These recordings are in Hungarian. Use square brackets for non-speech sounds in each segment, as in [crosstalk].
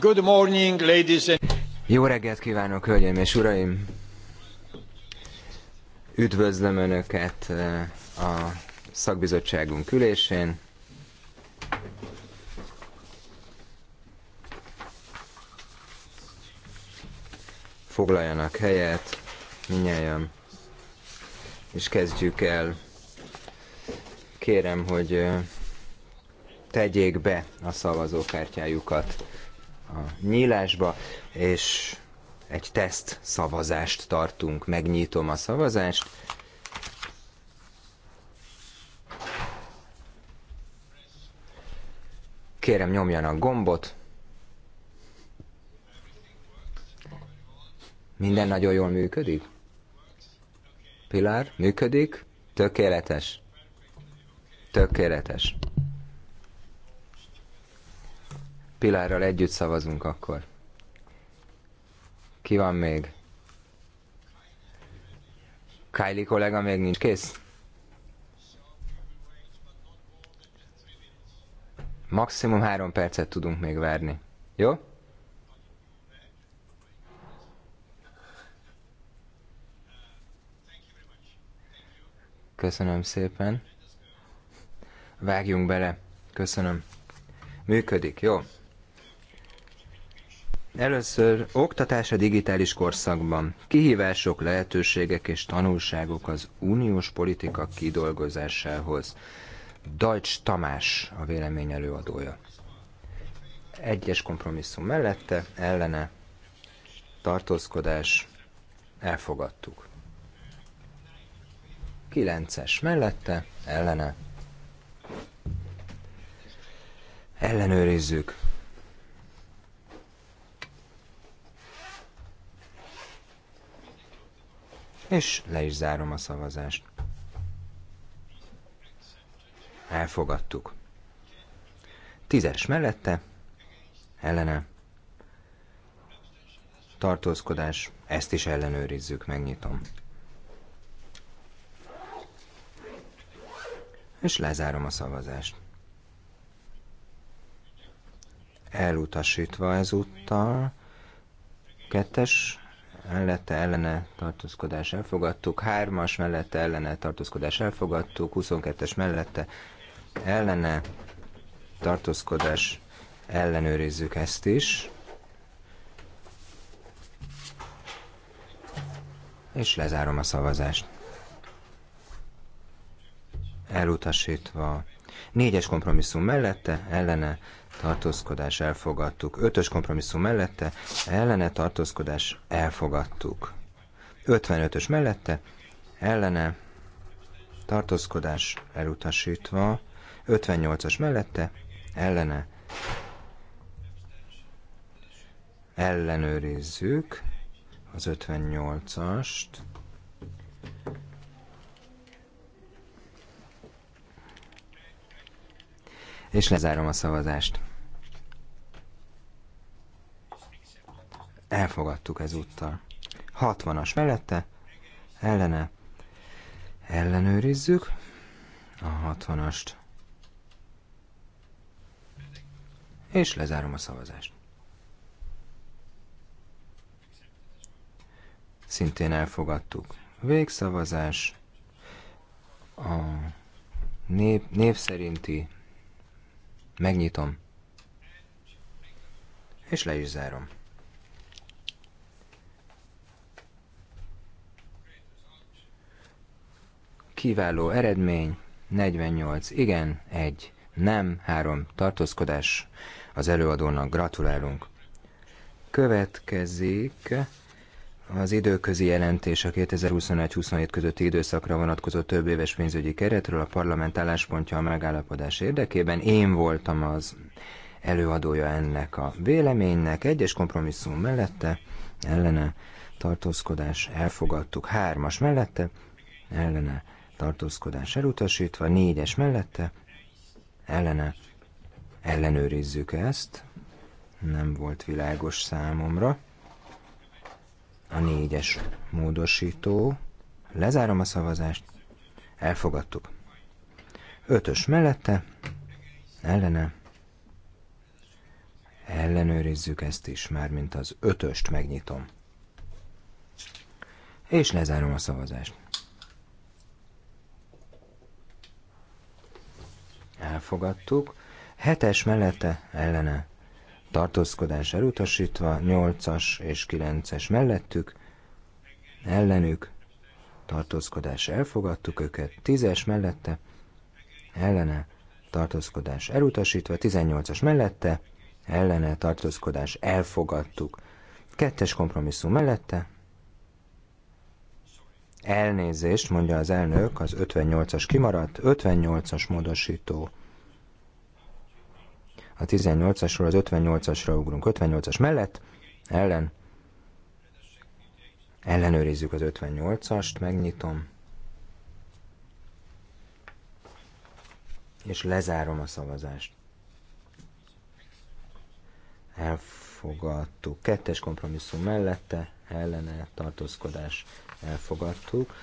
Good morning, ladies and... Jó reggelt kívánok, hölgyeim és uraim! Üdvözlöm Önöket eh, a szakbizottságunk ülésén. Foglaljanak helyet, minnyáján, és kezdjük el. Kérem, hogy eh, tegyék be a szavazókártyájukat a nyílásba, és egy teszt szavazást tartunk. Megnyitom a szavazást. Kérem nyomjanak gombot. Minden nagyon jól működik? Pilár, működik? Tökéletes. Tökéletes. Pilárral együtt szavazunk akkor. Ki van még? Kylie kollega még nincs kész? Maximum három percet tudunk még várni. Jó? Köszönöm szépen. Vágjunk bele. Köszönöm. Működik, jó? Először oktatás a digitális korszakban. Kihívások, lehetőségek és tanulságok az uniós politika kidolgozásához. Dajcs Tamás a vélemény előadója. Egyes kompromisszum mellette, ellene, tartózkodás, elfogadtuk. Kilences mellette, ellene. Ellenőrizzük. És le is zárom a szavazást. Elfogadtuk. Tízes mellette, ellene, tartózkodás, ezt is ellenőrizzük, megnyitom. És lezárom a szavazást. Elutasítva ezúttal, kettes mellette ellene tartózkodás elfogadtuk, 3-as mellette ellene tartózkodás elfogadtuk, 22-es mellette ellene tartózkodás ellenőrizzük ezt is. És lezárom a szavazást. Elutasítva. Négyes kompromisszum mellette, ellene tartózkodás elfogadtuk. Ötös kompromisszum mellette, ellene tartózkodás elfogadtuk. 55-ös mellette, ellene tartózkodás elutasítva, 58-as mellette, ellene ellenőrizzük az 58-ast. És lezárom a szavazást. Elfogadtuk ezúttal. 60-as mellette, ellene. Ellenőrizzük a 60-ast. És lezárom a szavazást. Szintén elfogadtuk. Végszavazás. A név, név szerinti megnyitom, és le is zárom. Kiváló eredmény, 48 igen, 1 nem, 3 tartózkodás. Az előadónak gratulálunk. Következik az időközi jelentés a 2021-27 közötti időszakra vonatkozó több éves pénzügyi keretről a parlament álláspontja a megállapodás érdekében. Én voltam az előadója ennek a véleménynek, egyes kompromisszum mellette, ellene tartózkodás, elfogadtuk hármas mellette, ellene tartózkodás elutasítva, négyes mellette, ellene ellenőrizzük ezt, nem volt világos számomra. A négyes módosító, lezárom a szavazást, elfogadtuk. Ötös mellette, ellene, ellenőrizzük ezt is, már mint az ötöst megnyitom. És lezárom a szavazást. elfogadtuk, hetes mellette ellene tartózkodás elutasítva, nyolcas és kilences mellettük, ellenük tartózkodás elfogadtuk őket, tízes mellette ellene tartózkodás elutasítva, tizennyolcas mellette ellene tartózkodás elfogadtuk, kettes kompromisszum mellette Elnézést, mondja az elnök, az 58-as kimaradt, 58-as módosító a 18-asról az 58-asra ugrunk. 58-as mellett, ellen. Ellenőrizzük az 58-ast, megnyitom. És lezárom a szavazást. Elfogadtuk. Kettes kompromisszum mellette, ellene tartózkodás elfogadtuk.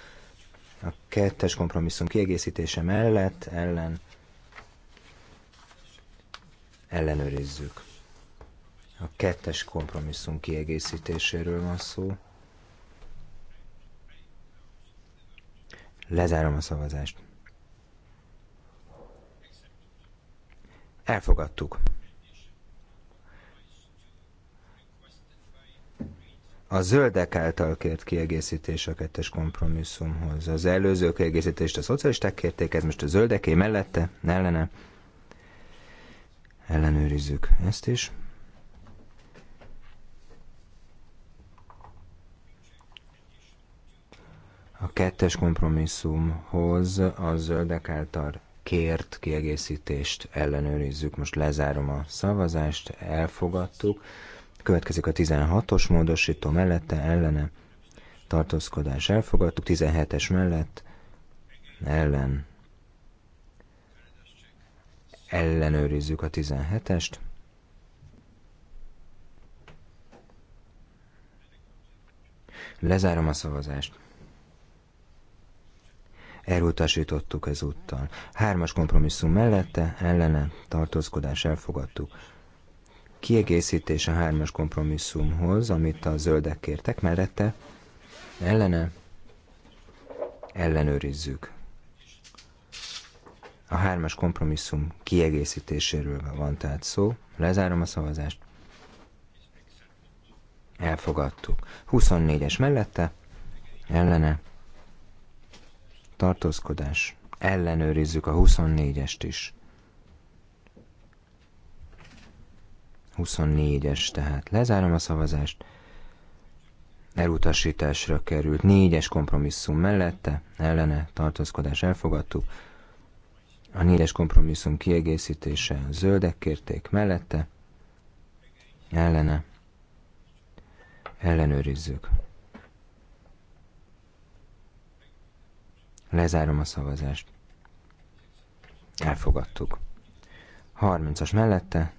A kettes kompromisszum kiegészítése mellett, ellen ellenőrizzük. A kettes kompromisszum kiegészítéséről van szó. Lezárom a szavazást. Elfogadtuk. A zöldek által kért kiegészítés a kettes kompromisszumhoz. Az előző kiegészítést a szocialisták kérték, ez most a zöldeké mellette, ellene ellenőrizzük ezt is. A kettes kompromisszumhoz a zöldek által kért kiegészítést ellenőrizzük. Most lezárom a szavazást, elfogadtuk. Következik a 16-os módosító mellette, ellene tartózkodás elfogadtuk, 17-es mellett ellen ellenőrizzük a 17-est. Lezárom a szavazást. Elutasítottuk ezúttal. Hármas kompromisszum mellette, ellene, tartózkodás elfogadtuk. Kiegészítés a hármas kompromisszumhoz, amit a zöldek kértek mellette, ellene, ellenőrizzük. A hármas kompromisszum kiegészítéséről van tehát szó. Lezárom a szavazást. Elfogadtuk. 24-es mellette, ellene, tartózkodás. Ellenőrizzük a 24-est is. 24-es, tehát lezárom a szavazást. Elutasításra került. 4-es kompromisszum mellette, ellene, tartózkodás elfogadtuk. A négyes kompromisszum kiegészítése zöldek kérték mellette, ellene, ellenőrizzük. Lezárom a szavazást. Elfogadtuk. 30-as mellette,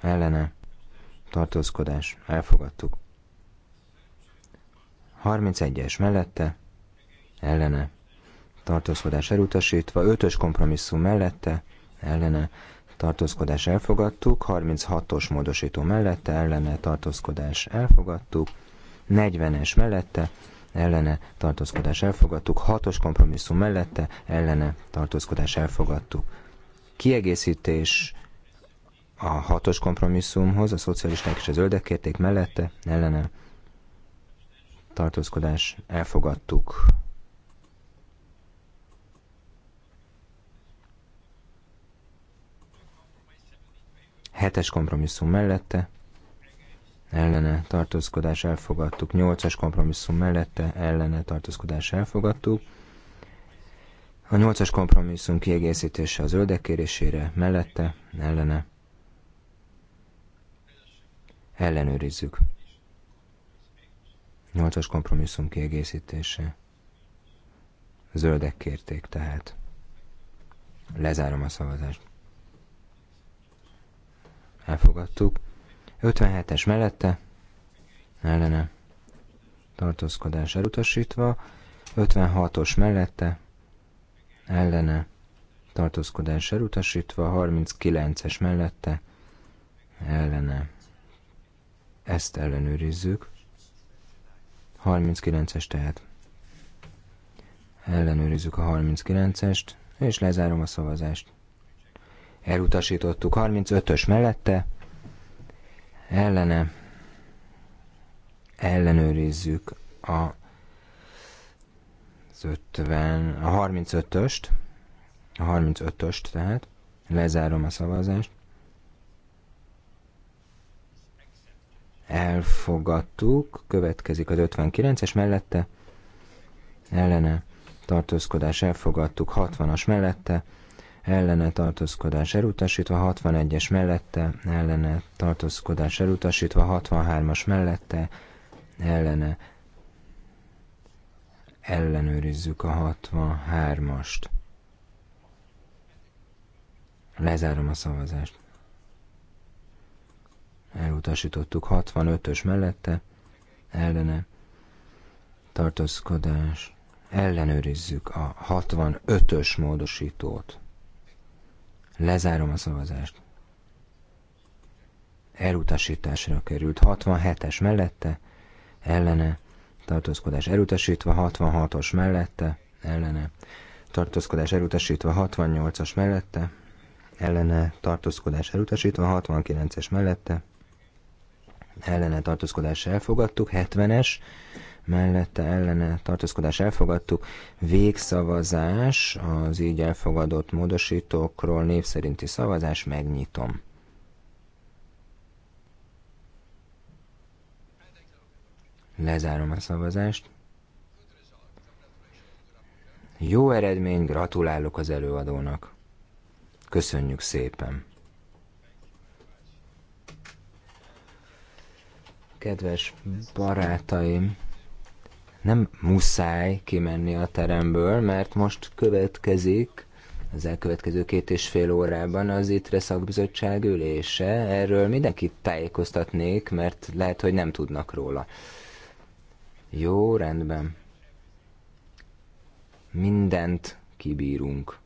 ellene, tartózkodás, elfogadtuk. 31-es mellette, ellene, tartózkodás elutasítva, ötös kompromisszum mellette, ellene tartózkodás elfogadtuk, 36-os módosító mellette, ellene tartózkodás elfogadtuk, 40-es mellette, ellene tartózkodás elfogadtuk, 6-os kompromisszum mellette, ellene tartózkodás elfogadtuk. Kiegészítés a hatos kompromisszumhoz, a szocialisták és az zöldek kérték mellette, ellene tartózkodás elfogadtuk. 7-es kompromisszum mellette, ellene tartózkodás elfogadtuk, 8-as kompromisszum mellette, ellene tartózkodás elfogadtuk, a 8-as kompromisszum kiegészítése az zöldek kérésére, mellette, ellene, ellenőrizzük. 8-as kompromisszum kiegészítése. Zöldek kérték tehát. Lezárom a szavazást elfogadtuk. 57-es mellette, ellene, tartózkodás elutasítva. 56-os mellette, ellene, tartózkodás elutasítva. 39-es mellette, ellene. Ezt ellenőrizzük. 39-es tehát. Ellenőrizzük a 39-est, és lezárom a szavazást elutasítottuk. 35-ös mellette, ellene, ellenőrizzük a 50, a 35-öst, a 35-öst tehát, lezárom a szavazást. Elfogadtuk, következik az 59-es mellette, ellene, tartózkodás elfogadtuk, 60-as mellette, ellene tartózkodás elutasítva, 61-es mellette ellene tartózkodás elutasítva, 63-as mellette ellene ellenőrizzük a 63-ast. Lezárom a szavazást. Elutasítottuk 65-ös mellette, ellene tartózkodás, ellenőrizzük a 65-ös módosítót. Lezárom a szavazást. Elutasításra került 67-es mellette, ellene, tartózkodás elutasítva, 66-os mellette, ellene, tartózkodás elutasítva, 68-as mellette, ellene, tartózkodás elutasítva, 69-es mellette, ellene tartózkodás elfogadtuk, 70-es mellette ellene tartózkodás elfogadtuk. Végszavazás az így elfogadott módosítókról név szerinti szavazás, megnyitom. Lezárom a szavazást. Jó eredmény, gratulálok az előadónak. Köszönjük szépen! Kedves barátaim! nem muszáj kimenni a teremből, mert most következik az elkövetkező két és fél órában az ITRE szakbizottság ülése. Erről mindenkit tájékoztatnék, mert lehet, hogy nem tudnak róla. Jó, rendben. Mindent kibírunk.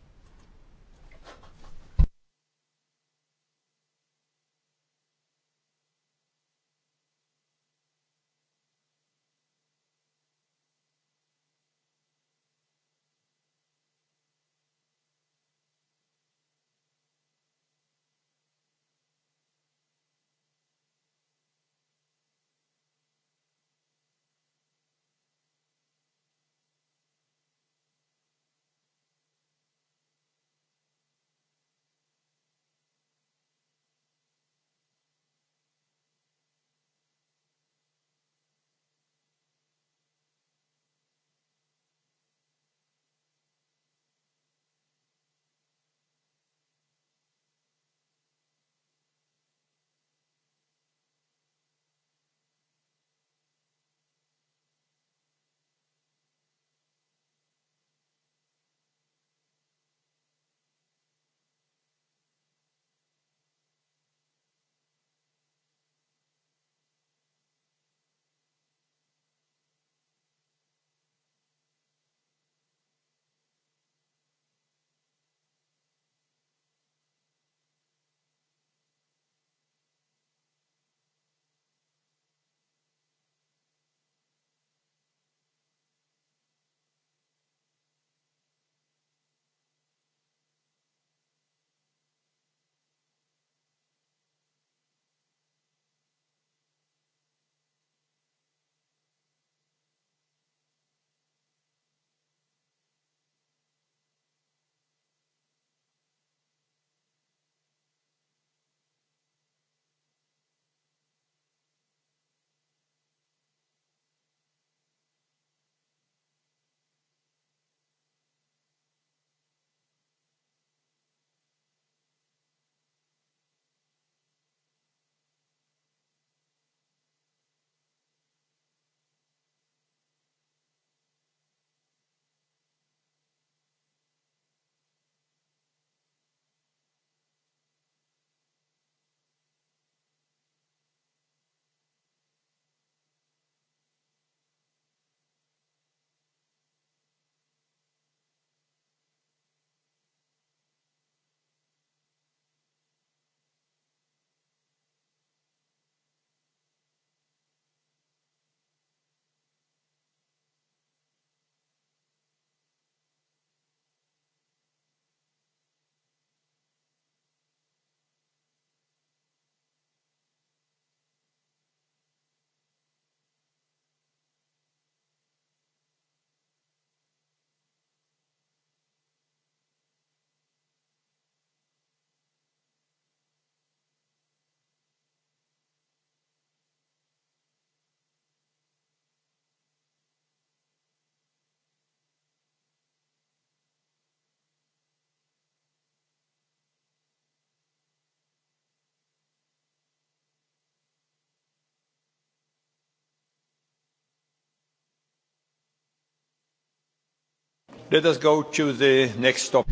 Let us go to the next stop.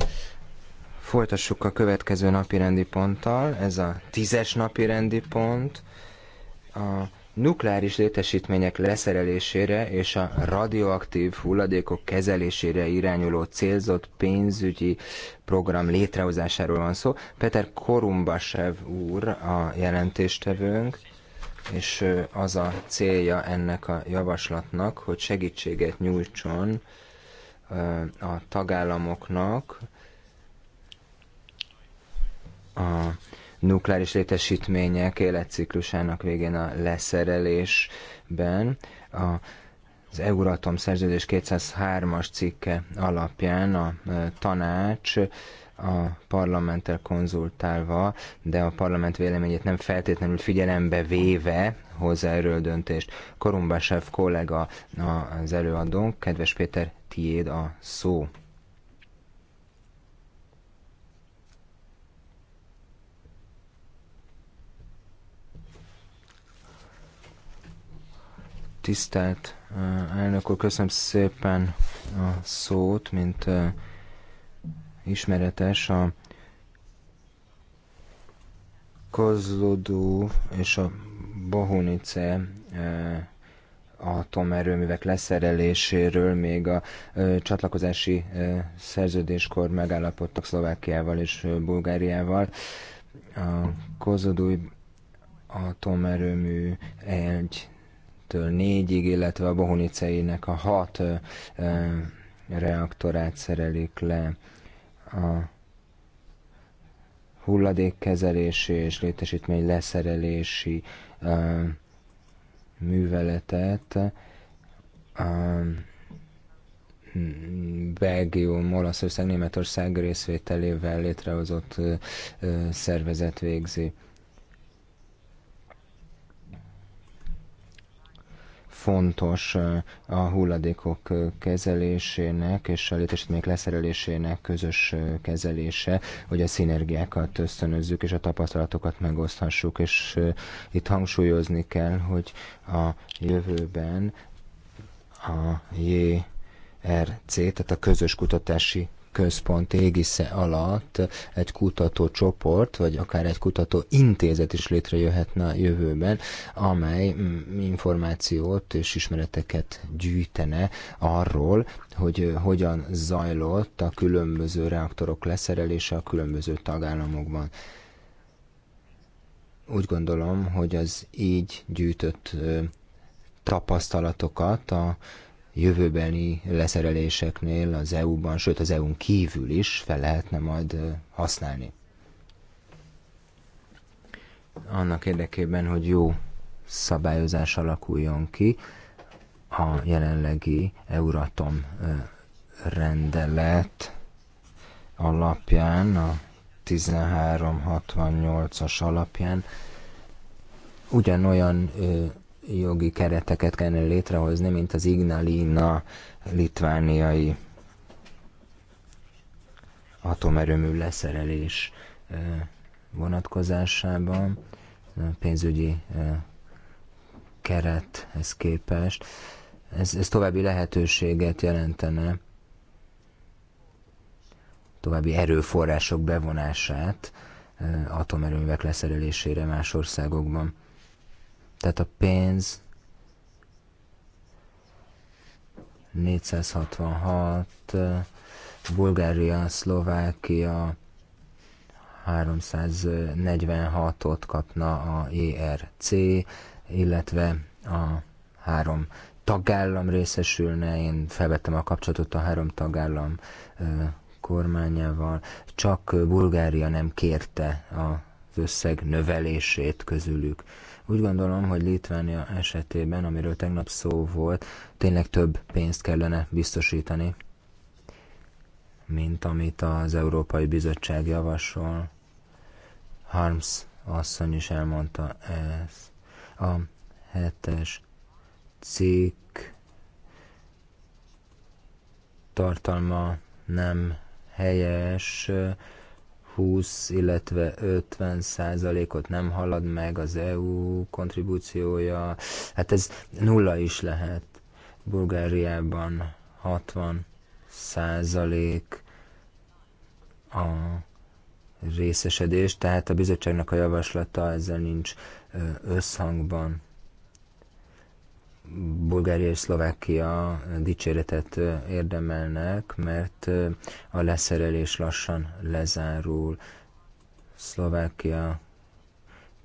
Folytassuk a következő napi rendi ponttal, ez a tízes napi rendi pont, a nukleáris létesítmények leszerelésére és a radioaktív hulladékok kezelésére irányuló célzott pénzügyi program létrehozásáról van szó. Peter Korumbasev úr a jelentéstevőnk és az a célja ennek a javaslatnak, hogy segítséget nyújtson a tagállamoknak a nukleáris létesítmények életciklusának végén a leszerelésben a az Euratom szerződés 203-as cikke alapján a tanács a parlamenttel konzultálva, de a parlament véleményét nem feltétlenül figyelembe véve hozza erről döntést. Korumbásev kollega az előadónk, kedves Péter, tiéd a szó. Tisztelt uh, elnök úr, köszönöm szépen a szót, mint uh, ismeretes a kozlodó és a Bohunice atomerőművek leszereléséről még a ö, csatlakozási ö, szerződéskor megállapodtak Szlovákiával és ö, Bulgáriával. A Kozodúj atomerőmű egy től négyig, illetve a Bohuniceinek a hat ö, ö, reaktorát szerelik le. A hulladékkezelési és létesítmény leszerelési ö, műveletet a Belgium, Olaszország, Németország részvételével létrehozott szervezet végzi. fontos a hulladékok kezelésének és a létesítmények leszerelésének közös kezelése, hogy a szinergiákat ösztönözzük és a tapasztalatokat megoszthassuk, és itt hangsúlyozni kell, hogy a jövőben a JRC, tehát a közös kutatási központ égisze alatt egy kutatócsoport, vagy akár egy kutatóintézet is létrejöhetne a jövőben, amely mm, információt és ismereteket gyűjtene arról, hogy hogyan zajlott a különböző reaktorok leszerelése a különböző tagállamokban úgy gondolom, hogy az így gyűjtött tapasztalatokat a jövőbeni leszereléseknél az EU-ban, sőt az EU-n kívül is fel lehetne majd használni. Annak érdekében, hogy jó szabályozás alakuljon ki, a jelenlegi Euratom rendelet alapján, a 1368-as alapján ugyanolyan jogi kereteket kellene létrehozni, mint az Ignalina litvániai atomerőmű leszerelés vonatkozásában pénzügyi kerethez képest. Ez, ez további lehetőséget jelentene, további erőforrások bevonását atomerőművek leszerelésére más országokban. Tehát a pénz 466, Bulgária, Szlovákia 346-ot kapna a ERC, illetve a három tagállam részesülne, én felvettem a kapcsolatot a három tagállam kormányával, csak Bulgária nem kérte a összeg növelését közülük. Úgy gondolom, hogy Litvánia esetében, amiről tegnap szó volt, tényleg több pénzt kellene biztosítani, mint amit az Európai Bizottság javasol. Harms asszony is elmondta ezt. A hetes cikk tartalma nem helyes, 20, illetve 50 százalékot nem halad meg az EU kontribúciója. Hát ez nulla is lehet. Bulgáriában 60 százalék a részesedés, tehát a bizottságnak a javaslata ezzel nincs összhangban. Bulgária és Szlovákia dicséretet érdemelnek, mert a leszerelés lassan lezárul. Szlovákia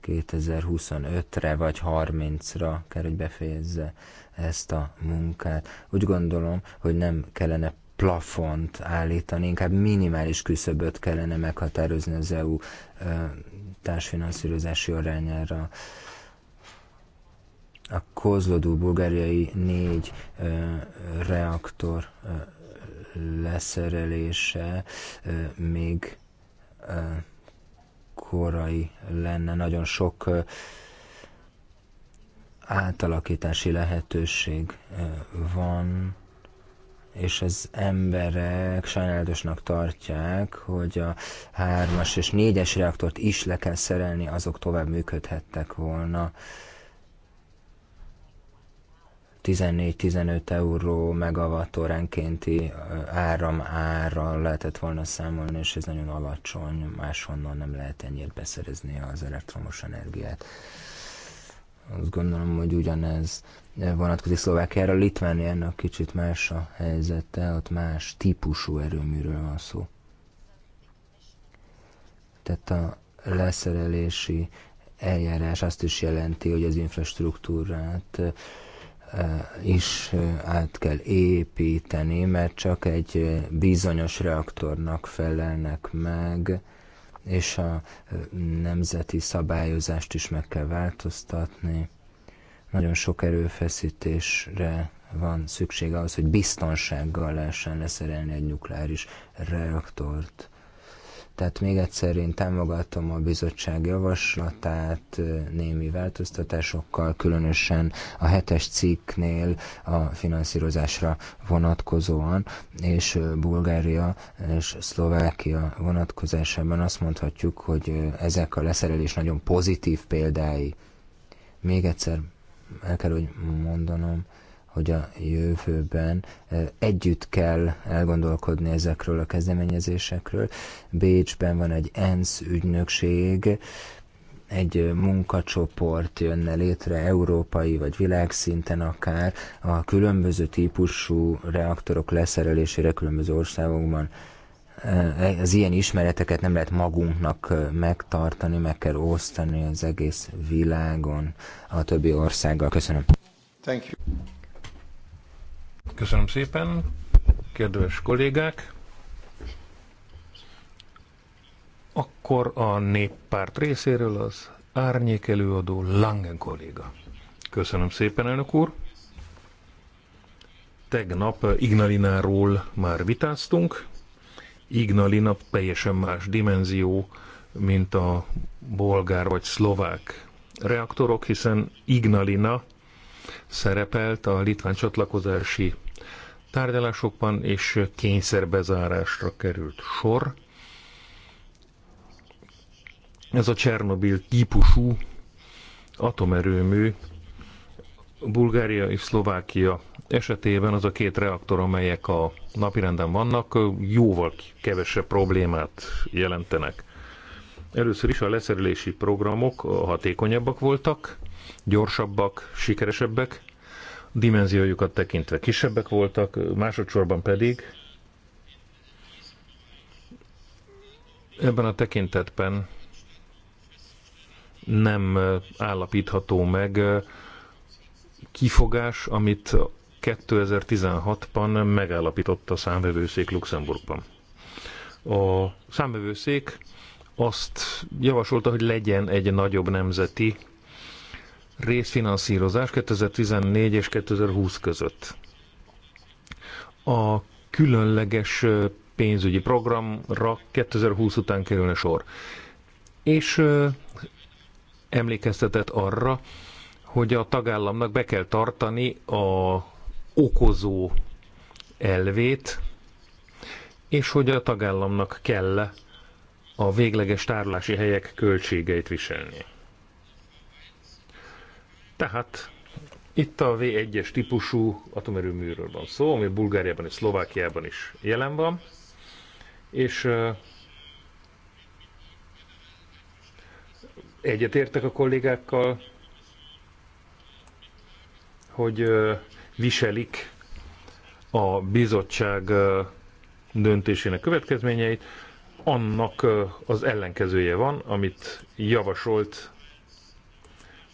2025-re vagy 30-ra kell, hogy befejezze ezt a munkát. Úgy gondolom, hogy nem kellene plafont állítani, inkább minimális küszöböt kellene meghatározni az EU társfinanszírozási arányára a kozlodó bulgáriai négy reaktor leszerelése még korai lenne. Nagyon sok átalakítási lehetőség van, és az emberek sajnálatosnak tartják, hogy a hármas és négyes reaktort is le kell szerelni, azok tovább működhettek volna. 14-15 euró megawattóránkénti áram ára lehetett volna számolni, és ez nagyon alacsony, máshonnan nem lehet ennyire beszerezni az elektromos energiát. Azt gondolom, hogy ugyanez vonatkozik Szlovákiára. Litvániának kicsit más a helyzete, ott más típusú erőműről van szó. Tehát a leszerelési eljárás azt is jelenti, hogy az infrastruktúrát Eh, is eh, át kell építeni, mert csak egy eh, bizonyos reaktornak felelnek meg, és a nemzeti szabályozást is meg kell változtatni. Nagyon sok erőfeszítésre van szükség ahhoz, hogy biztonsággal lehessen leszerelni egy nukleáris reaktort. Tehát még egyszer én támogatom a bizottság javaslatát némi változtatásokkal, különösen a hetes cikknél a finanszírozásra vonatkozóan, és Bulgária és Szlovákia vonatkozásában azt mondhatjuk, hogy ezek a leszerelés nagyon pozitív példái. Még egyszer el kell, hogy mondanom, hogy a jövőben együtt kell elgondolkodni ezekről a kezdeményezésekről. Bécsben van egy ENSZ ügynökség, egy munkacsoport jönne létre európai vagy világszinten akár a különböző típusú reaktorok leszerelésére különböző országokban. Az ilyen ismereteket nem lehet magunknak megtartani, meg kell osztani az egész világon a többi országgal. Köszönöm. Thank you. Köszönöm szépen, kedves kollégák! Akkor a néppárt részéről az árnyék előadó Langen kolléga. Köszönöm szépen, elnök úr! Tegnap Ignalináról már vitáztunk. Ignalina teljesen más dimenzió, mint a bolgár vagy szlovák reaktorok, hiszen Ignalina szerepelt a litván csatlakozási tárgyalásokban és kényszerbezárásra került sor. Ez a Csernobil típusú atomerőmű Bulgária és Szlovákia esetében az a két reaktor, amelyek a napirenden vannak, jóval kevesebb problémát jelentenek. Először is a leszerelési programok hatékonyabbak voltak, gyorsabbak, sikeresebbek, dimenziójukat tekintve kisebbek voltak, másodszorban pedig ebben a tekintetben nem állapítható meg kifogás, amit 2016-ban megállapított a számvevőszék Luxemburgban. A számvevőszék azt javasolta, hogy legyen egy nagyobb nemzeti részfinanszírozás 2014 és 2020 között. A különleges pénzügyi programra 2020 után kerülne sor. És emlékeztetett arra, hogy a tagállamnak be kell tartani a okozó elvét, és hogy a tagállamnak kell a végleges tárlási helyek költségeit viselni. Tehát itt a V1-es típusú atomerőműről van szó, ami Bulgáriában és Szlovákiában is jelen van, és egyetértek a kollégákkal, hogy viselik a bizottság döntésének következményeit, annak az ellenkezője van, amit javasolt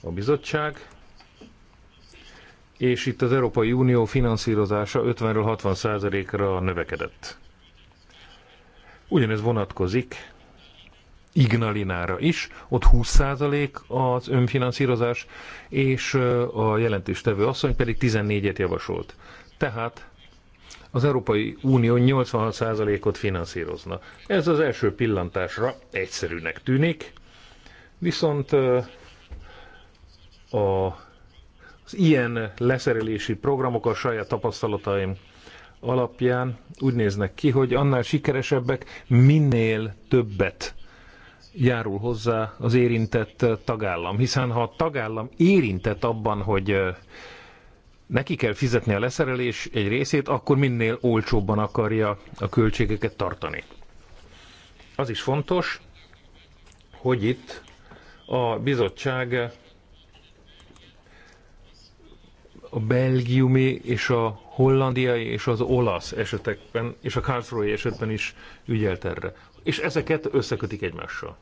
a bizottság, és itt az Európai Unió finanszírozása 50-ről 60%-ra növekedett. Ugyanez vonatkozik Ignalinára is, ott 20% az önfinanszírozás, és a jelentéstevő asszony pedig 14-et javasolt. Tehát az Európai Unió 86%-ot finanszírozna. Ez az első pillantásra egyszerűnek tűnik, viszont a az ilyen leszerelési programok a saját tapasztalataim alapján úgy néznek ki, hogy annál sikeresebbek minél többet járul hozzá az érintett tagállam. Hiszen ha a tagállam érintett abban, hogy neki kell fizetni a leszerelés egy részét, akkor minél olcsóbban akarja a költségeket tartani. Az is fontos, hogy itt a bizottság a belgiumi és a hollandiai és az olasz esetekben, és a Karlsruhe esetben is ügyelt erre. És ezeket összekötik egymással.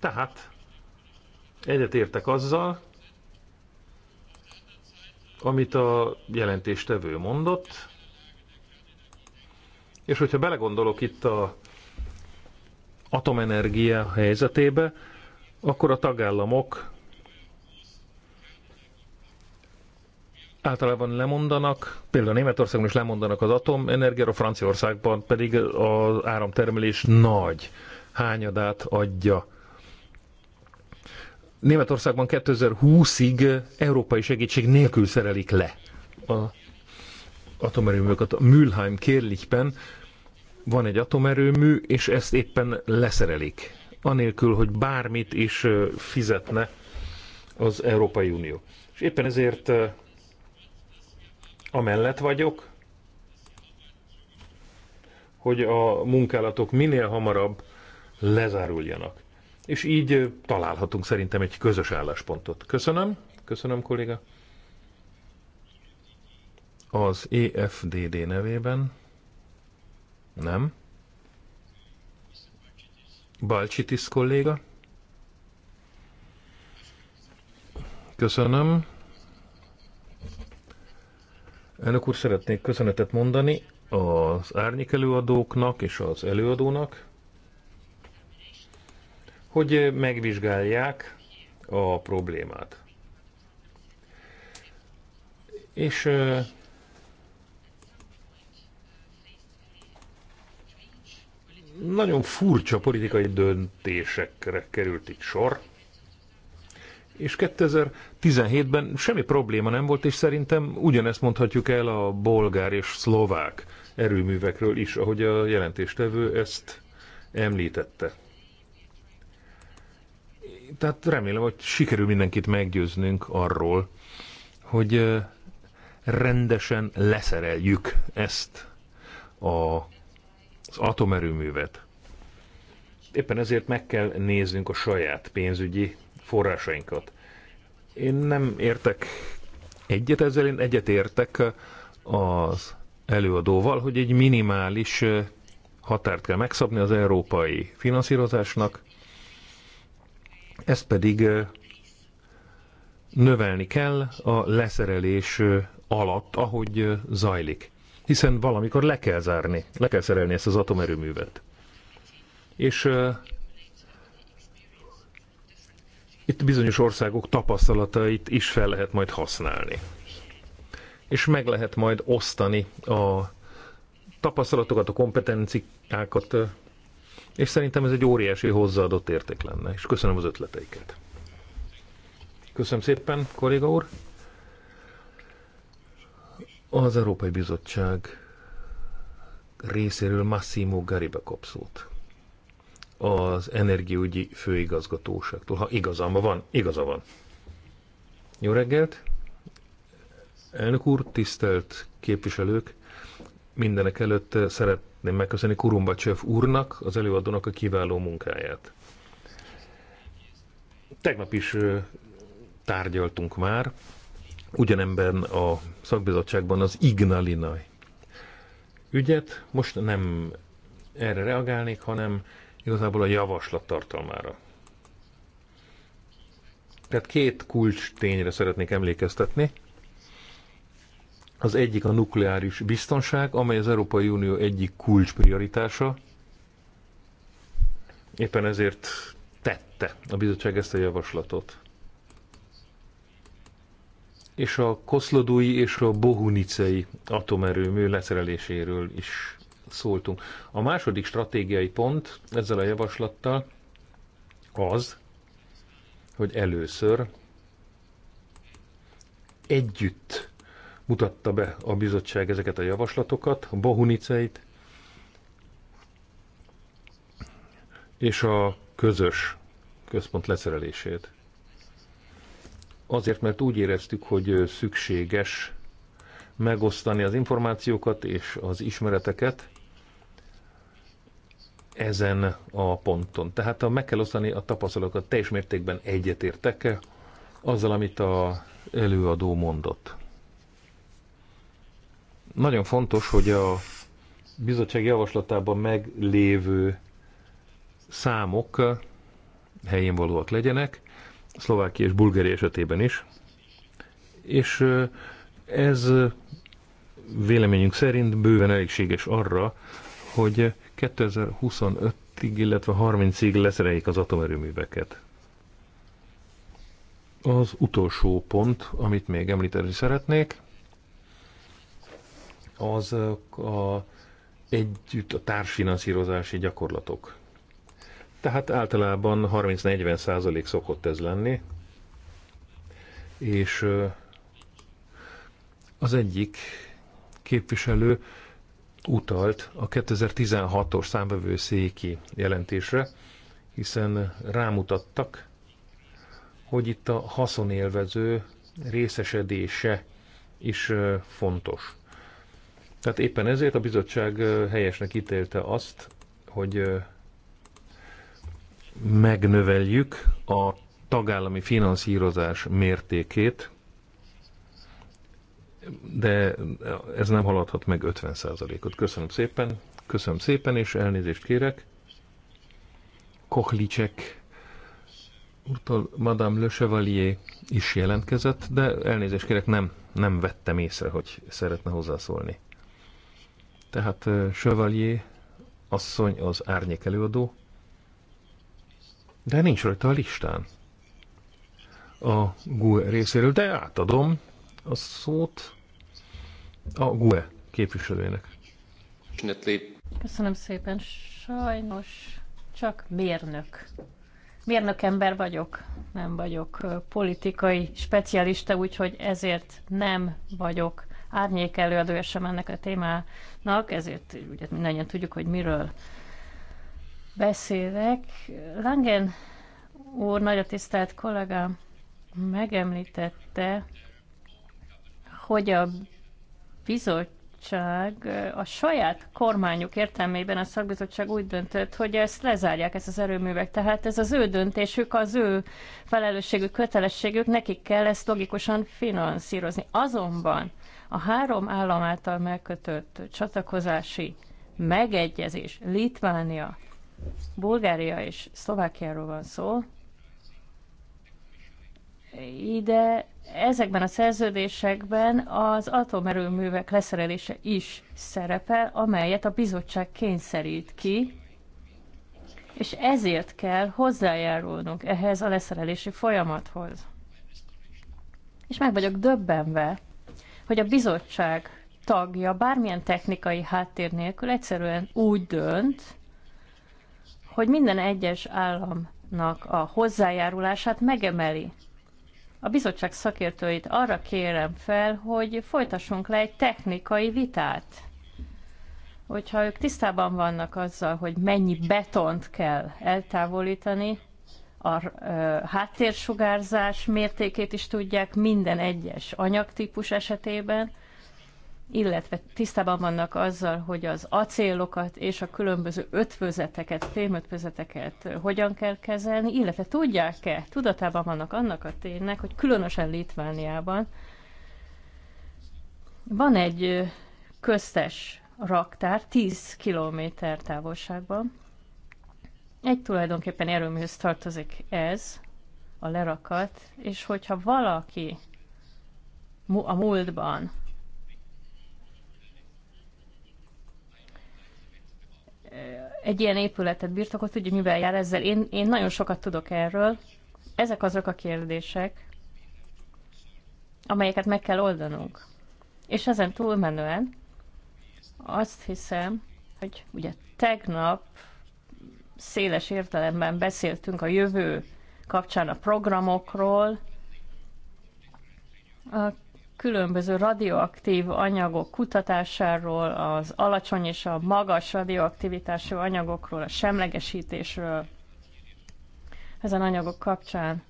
Tehát egyet értek azzal, amit a jelentéstevő mondott, és hogyha belegondolok itt a atomenergia helyzetébe, akkor a tagállamok általában lemondanak, például Németországban is lemondanak az atomenergiáról, Franciaországban pedig az áramtermelés nagy hányadát adja. Németországban 2020-ig európai segítség nélkül szerelik le az atomerőműket. A Mülheim Kérlichben van egy atomerőmű, és ezt éppen leszerelik. Anélkül, hogy bármit is fizetne az Európai Unió. És éppen ezért amellett vagyok, hogy a munkálatok minél hamarabb lezáruljanak. És így találhatunk szerintem egy közös álláspontot. Köszönöm, köszönöm kolléga. Az EFDD nevében. Nem. Balcsitis kolléga. Köszönöm. Elnök úr, szeretnék köszönetet mondani az árnyék előadóknak és az előadónak, hogy megvizsgálják a problémát. És nagyon furcsa politikai döntésekre került itt sor és 2017-ben semmi probléma nem volt, és szerintem ugyanezt mondhatjuk el a bolgár és szlovák erőművekről is, ahogy a jelentéstevő ezt említette. Tehát remélem, hogy sikerül mindenkit meggyőznünk arról, hogy rendesen leszereljük ezt a, az atomerőművet. Éppen ezért meg kell néznünk a saját pénzügyi forrásainkat. Én nem értek egyet ezzel, én egyet értek az előadóval, hogy egy minimális határt kell megszabni az európai finanszírozásnak, ezt pedig növelni kell a leszerelés alatt, ahogy zajlik. Hiszen valamikor le kell zárni, le kell szerelni ezt az atomerőművet. És itt bizonyos országok tapasztalatait is fel lehet majd használni. És meg lehet majd osztani a tapasztalatokat, a kompetenciákat, és szerintem ez egy óriási hozzáadott érték lenne, és köszönöm az ötleteiket. Köszönöm szépen, kolléga úr. Az Európai Bizottság részéről Massimo Gariba szót az energiaügyi főigazgatóságtól, ha igazam van, igaza van. Jó reggelt! Elnök úr, tisztelt képviselők! Mindenek előtt eh, szeretném megköszönni Kurumbacsev úrnak, az előadónak a kiváló munkáját. Tegnap is eh, tárgyaltunk már, ugyanemben a szakbizottságban az Ignalinai ügyet. Most nem erre reagálnék, hanem igazából a javaslat tartalmára. Tehát két kulcs tényre szeretnék emlékeztetni. Az egyik a nukleáris biztonság, amely az Európai Unió egyik kulcs prioritása. Éppen ezért tette a bizottság ezt a javaslatot. És a koszlodói és a bohunicei atomerőmű leszereléséről is szóltunk. A második stratégiai pont ezzel a javaslattal az, hogy először együtt mutatta be a bizottság ezeket a javaslatokat, a bohuniceit, és a közös központ leszerelését. Azért, mert úgy éreztük, hogy szükséges megosztani az információkat és az ismereteket, ezen a ponton. Tehát a, meg kell osztani a tapasztalatokat. Teljes mértékben egyetértek azzal, amit a előadó mondott. Nagyon fontos, hogy a bizottság javaslatában meglévő számok helyén valóak legyenek, Szlovákia és Bulgária esetében is. És ez véleményünk szerint bőven elégséges arra, hogy 2025-ig, illetve 30-ig leszereljék az atomerőműveket. Az utolsó pont, amit még említeni szeretnék, az a együtt a társfinanszírozási gyakorlatok. Tehát általában 30-40 százalék szokott ez lenni, és az egyik képviselő utalt a 2016-os számbevőszéki jelentésre, hiszen rámutattak, hogy itt a haszonélvező részesedése is fontos. Tehát éppen ezért a bizottság helyesnek ítélte azt, hogy megnöveljük a tagállami finanszírozás mértékét de ez nem haladhat meg 50%-ot. Köszönöm szépen, köszönöm szépen, és elnézést kérek. Kohlicek úrtól Madame Le Chevalier is jelentkezett, de elnézést kérek, nem, nem vettem észre, hogy szeretne hozzászólni. Tehát Chevalier asszony az árnyék előadó, de nincs rajta a listán a GUE részéről, de átadom a szót a GUE képviselőjének. Köszönöm szépen. Sajnos csak mérnök. Mérnök ember vagyok, nem vagyok politikai specialista, úgyhogy ezért nem vagyok árnyék előadója sem ennek a témának, ezért ugye mindannyian tudjuk, hogy miről beszélek. Langen úr, nagy a tisztelt kollégám, megemlítette, hogy a bizottság a saját kormányuk értelmében a szakbizottság úgy döntött, hogy ezt lezárják, ezt az erőművek. Tehát ez az ő döntésük, az ő felelősségük, kötelességük, nekik kell ezt logikusan finanszírozni. Azonban a három állam által megkötött csatakozási megegyezés Litvánia, Bulgária és Szlovákiáról van szó, ide ezekben a szerződésekben az atomerőművek leszerelése is szerepel, amelyet a bizottság kényszerít ki, és ezért kell hozzájárulnunk ehhez a leszerelési folyamathoz. És meg vagyok döbbenve, hogy a bizottság tagja bármilyen technikai háttér nélkül egyszerűen úgy dönt, hogy minden egyes államnak a hozzájárulását megemeli a bizottság szakértőit arra kérem fel, hogy folytassunk le egy technikai vitát. Hogyha ők tisztában vannak azzal, hogy mennyi betont kell eltávolítani, a háttérsugárzás mértékét is tudják minden egyes anyagtípus esetében, illetve tisztában vannak azzal, hogy az acélokat és a különböző ötvözeteket, fémötvözeteket hogyan kell kezelni, illetve tudják-e, tudatában vannak annak a ténynek, hogy különösen Litvániában van egy köztes raktár 10 km távolságban. Egy tulajdonképpen erőműhöz tartozik ez, a lerakat, és hogyha valaki a múltban egy ilyen épületet birtokolt, tudja, mivel jár ezzel. Én, én nagyon sokat tudok erről. Ezek azok a kérdések, amelyeket meg kell oldanunk. És ezen túlmenően azt hiszem, hogy ugye tegnap széles értelemben beszéltünk a jövő kapcsán a programokról, a különböző radioaktív anyagok kutatásáról, az alacsony és a magas radioaktivitású anyagokról, a semlegesítésről ezen anyagok kapcsán.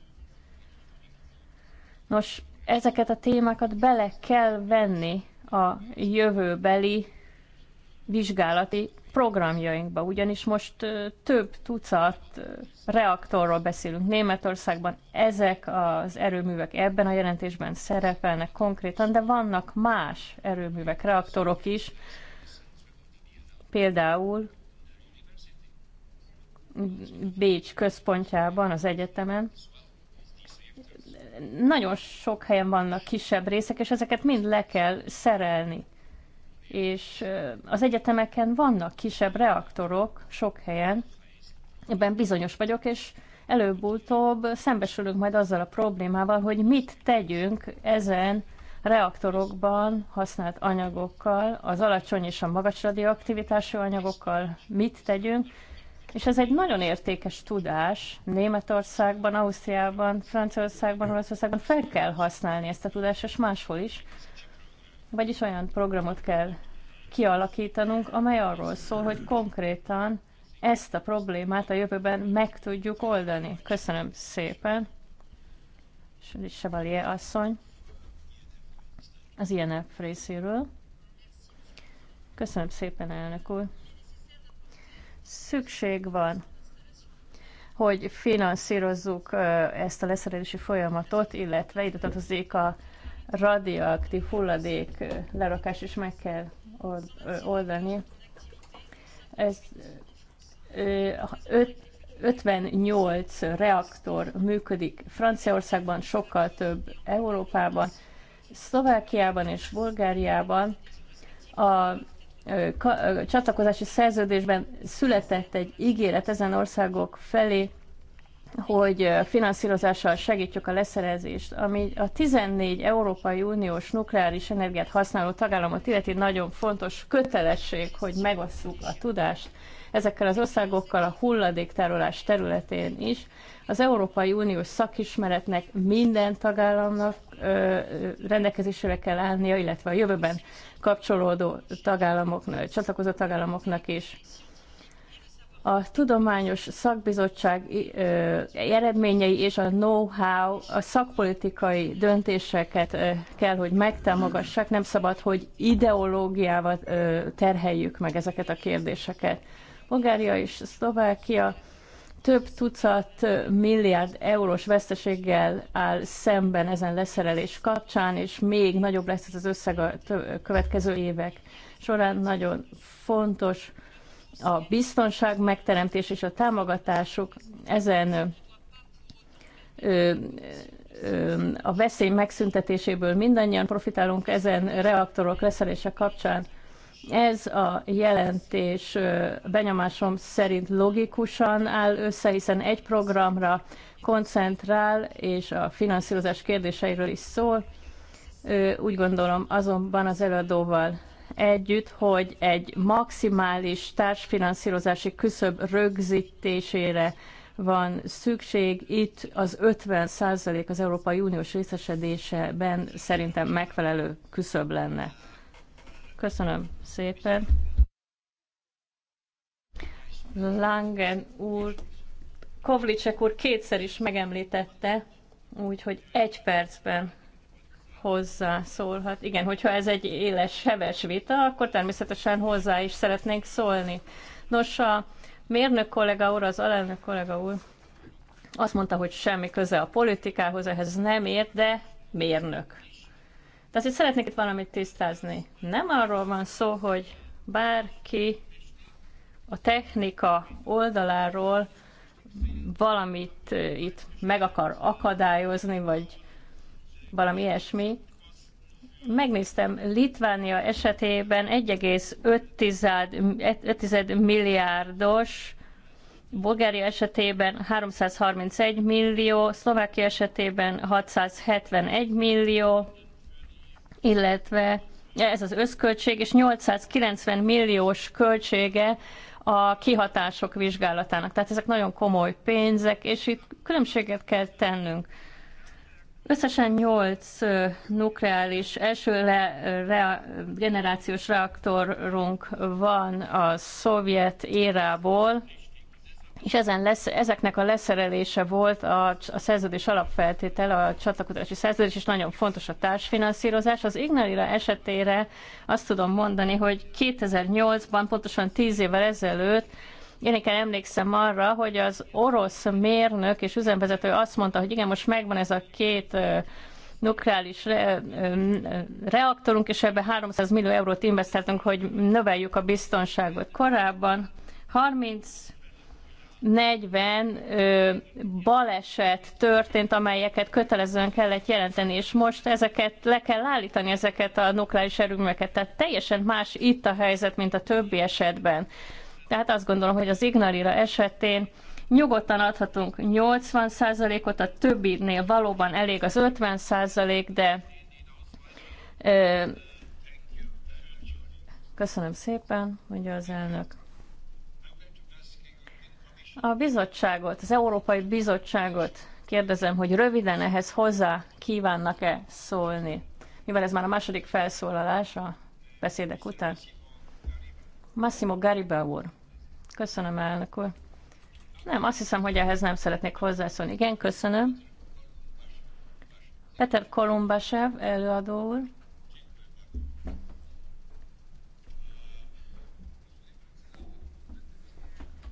Nos, ezeket a témákat bele kell venni a jövőbeli vizsgálati programjainkba, ugyanis most több tucat reaktorról beszélünk Németországban. Ezek az erőművek ebben a jelentésben szerepelnek konkrétan, de vannak más erőművek, reaktorok is, például Bécs központjában, az egyetemen. Nagyon sok helyen vannak kisebb részek, és ezeket mind le kell szerelni és az egyetemeken vannak kisebb reaktorok sok helyen, ebben bizonyos vagyok, és előbb-utóbb szembesülünk majd azzal a problémával, hogy mit tegyünk ezen reaktorokban használt anyagokkal, az alacsony és a magas radioaktivitású anyagokkal mit tegyünk, és ez egy nagyon értékes tudás Németországban, Ausztriában, Franciaországban, Olaszországban fel kell használni ezt a tudást, és máshol is, vagyis olyan programot kell kialakítanunk, amely arról szól, hogy konkrétan ezt a problémát a jövőben meg tudjuk oldani. Köszönöm szépen. És Chevalier asszony az INF részéről. Köszönöm szépen, elnök úr. Szükség van, hogy finanszírozzuk ezt a leszerelési folyamatot, illetve ide tartozik a radioaktív hulladék lerakás is meg kell oldani. Ez 58 reaktor működik Franciaországban, sokkal több Európában, Szlovákiában és Bulgáriában. A csatlakozási szerződésben született egy ígéret ezen országok felé, hogy finanszírozással segítjük a leszerezést, ami a 14 Európai Uniós nukleáris energiát használó tagállamot illeti nagyon fontos kötelesség, hogy megosszuk a tudást ezekkel az országokkal a hulladéktárolás területén is. Az Európai Uniós szakismeretnek minden tagállamnak ö, rendelkezésére kell állnia, illetve a jövőben kapcsolódó tagállamoknak, csatlakozó tagállamoknak is a tudományos szakbizottság eredményei és a know-how, a szakpolitikai döntéseket kell, hogy megtámogassák, nem szabad, hogy ideológiával terheljük meg ezeket a kérdéseket. Bulgária és Szlovákia több tucat milliárd eurós veszteséggel áll szemben ezen leszerelés kapcsán, és még nagyobb lesz ez az összeg a következő évek során. Nagyon fontos, a biztonság megteremtés és a támogatásuk ezen ö, ö, a veszély megszüntetéséből mindannyian profitálunk ezen reaktorok leszerése kapcsán. Ez a jelentés benyomásom szerint logikusan áll össze, hiszen egy programra koncentrál, és a finanszírozás kérdéseiről is szól. Úgy gondolom azonban az előadóval együtt, hogy egy maximális társfinanszírozási küszöb rögzítésére van szükség. Itt az 50 százalék az Európai Uniós részesedéseben szerintem megfelelő küszöb lenne. Köszönöm szépen. Langen úr, Kovlicek úr kétszer is megemlítette, úgyhogy egy percben hozzászólhat. Igen, hogyha ez egy éles, heves vita, akkor természetesen hozzá is szeretnénk szólni. Nos, a mérnök kollega úr, az alelnök kollega úr azt mondta, hogy semmi köze a politikához, ehhez nem ért, de mérnök. De azért szeretnék itt valamit tisztázni. Nem arról van szó, hogy bárki a technika oldaláról valamit eh, itt meg akar akadályozni, vagy valami ilyesmi. Megnéztem, Litvánia esetében 1,5 milliárdos, Bulgária esetében 331 millió, Szlovákia esetében 671 millió, illetve ez az összköltség, és 890 milliós költsége a kihatások vizsgálatának. Tehát ezek nagyon komoly pénzek, és itt különbséget kell tennünk Összesen 8 nukleáris első le, re, generációs reaktorunk van a szovjet érából, és ezen lesz, ezeknek a leszerelése volt a, a szerződés alapfeltétele, a csatlakozási szerződés, és nagyon fontos a társfinanszírozás. Az Ignalira esetére azt tudom mondani, hogy 2008-ban, pontosan 10 évvel ezelőtt én igen emlékszem arra, hogy az orosz mérnök és üzemvezető azt mondta, hogy igen, most megvan ez a két nukleáris re, reaktorunk, és ebbe 300 millió eurót investáltunk, hogy növeljük a biztonságot. Korábban 30 40 ö, baleset történt, amelyeket kötelezően kellett jelenteni, és most ezeket le kell állítani, ezeket a nukleáris erőműveket. Tehát teljesen más itt a helyzet, mint a többi esetben. Tehát azt gondolom, hogy az Ignalira esetén nyugodtan adhatunk 80%-ot, a többinél valóban elég az 50%, de ö, köszönöm szépen, mondja az elnök. A bizottságot, az Európai Bizottságot kérdezem, hogy röviden ehhez hozzá kívánnak-e szólni, mivel ez már a második felszólalás a beszédek után. Massimo Gariba úr. Köszönöm, elnök úr. Nem, azt hiszem, hogy ehhez nem szeretnék hozzászólni. Igen, köszönöm. Peter Kolumbasev, előadó úr.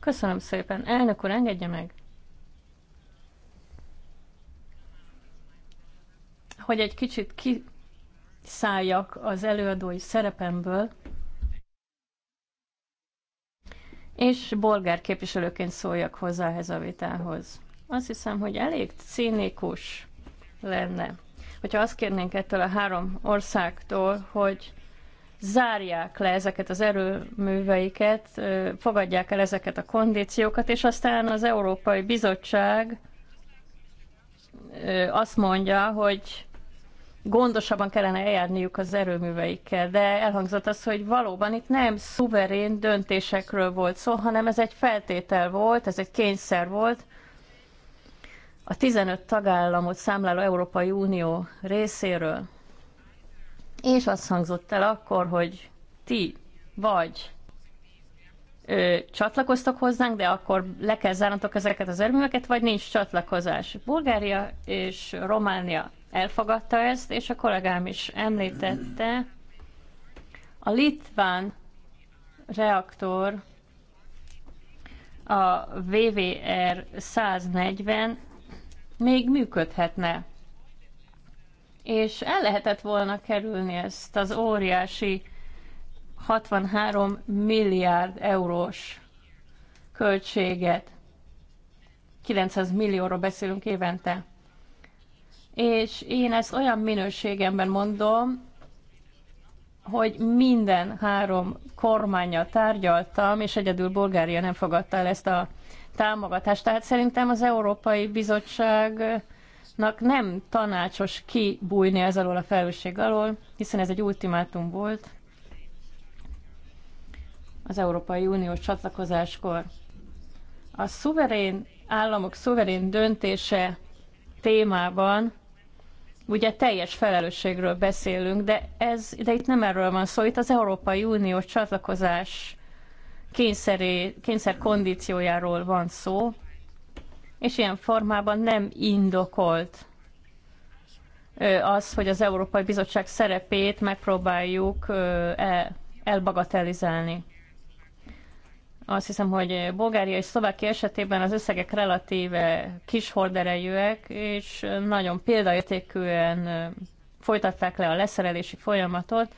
Köszönöm szépen. Elnök úr, engedje meg. Hogy egy kicsit kiszálljak az előadói szerepemből, és bolgár képviselőként szóljak hozzá ehhez a vitához. Azt hiszem, hogy elég cínikus lenne, hogyha azt kérnénk ettől a három országtól, hogy zárják le ezeket az erőműveiket, fogadják el ezeket a kondíciókat, és aztán az Európai Bizottság azt mondja, hogy gondosabban kellene eljárniuk az erőműveikkel, de elhangzott az, hogy valóban itt nem szuverén döntésekről volt szó, hanem ez egy feltétel volt, ez egy kényszer volt. A 15 tagállamot számláló Európai Unió részéről. És azt hangzott el akkor, hogy ti vagy ö, csatlakoztak hozzánk, de akkor le kell zárnatok ezeket az erőműveket, vagy nincs csatlakozás. Bulgária és Románia elfogadta ezt, és a kollégám is említette, a litván reaktor a VVR 140 még működhetne. És el lehetett volna kerülni ezt az óriási 63 milliárd eurós költséget. 900 millióról beszélünk évente és én ezt olyan minőségemben mondom, hogy minden három kormánya tárgyaltam, és egyedül Bulgária nem fogadta el ezt a támogatást. Tehát szerintem az Európai Bizottságnak nem tanácsos kibújni ez alól a felelősség alól, hiszen ez egy ultimátum volt az Európai Uniós csatlakozáskor. A szuverén államok szuverén döntése témában ugye teljes felelősségről beszélünk, de, ez, de itt nem erről van szó, itt az Európai Unió csatlakozás kényszeré, kényszer kondíciójáról van szó, és ilyen formában nem indokolt az, hogy az Európai Bizottság szerepét megpróbáljuk e, elbagatellizálni. Azt hiszem, hogy Bulgária és Szlovákia esetében az összegek relatíve kis horderejűek, és nagyon példaértékűen folytatták le a leszerelési folyamatot.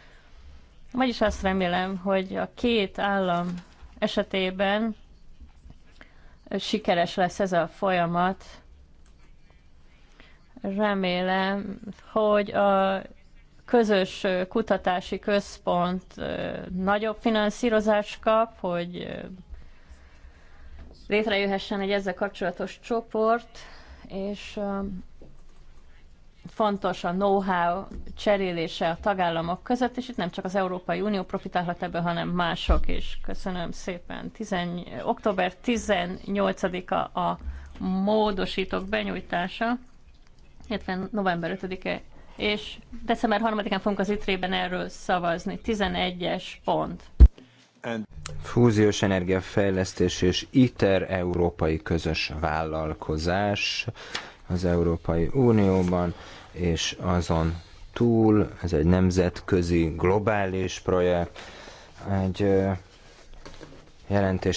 Vagyis azt remélem, hogy a két állam esetében sikeres lesz ez a folyamat. Remélem, hogy a közös kutatási központ nagyobb finanszírozást kap, hogy létrejöhessen egy ezzel kapcsolatos csoport, és fontos a know-how cserélése a tagállamok között, és itt nem csak az Európai Unió profitálhat ebből, hanem mások is. Köszönöm szépen. 10, október 18-a a módosítók benyújtása, illetve november 5-e és december 3-án fogunk az ITRE-ben erről szavazni. 11-es pont. Fúziós energiafejlesztés és ITER európai közös vállalkozás az Európai Unióban, és azon túl, ez egy nemzetközi, globális projekt, egy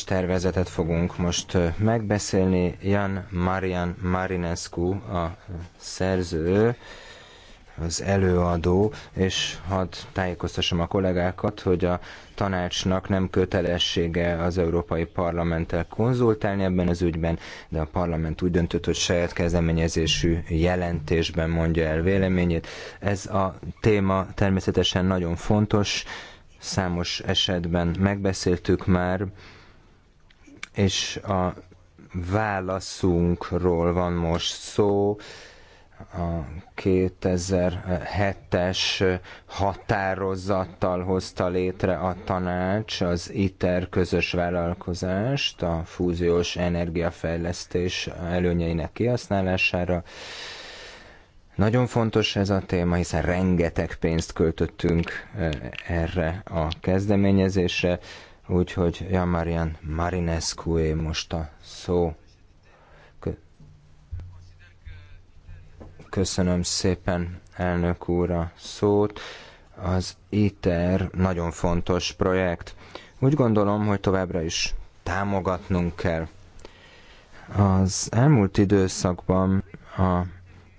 tervezetet fogunk most megbeszélni. Jan Marian Marinescu a szerző, az előadó, és hadd tájékoztassam a kollégákat, hogy a tanácsnak nem kötelessége az Európai Parlamenttel konzultálni ebben az ügyben, de a parlament úgy döntött, hogy saját kezdeményezésű jelentésben mondja el véleményét. Ez a téma természetesen nagyon fontos, számos esetben megbeszéltük már, és a válaszunkról van most szó, a 2007-es határozattal hozta létre a tanács az ITER közös vállalkozást a fúziós energiafejlesztés előnyeinek kihasználására. Nagyon fontos ez a téma, hiszen rengeteg pénzt költöttünk erre a kezdeményezésre, úgyhogy Jan Marian Marinescu most a szó. Köszönöm szépen, elnök úr, a szót. Az ITER nagyon fontos projekt. Úgy gondolom, hogy továbbra is támogatnunk kell. Az elmúlt időszakban a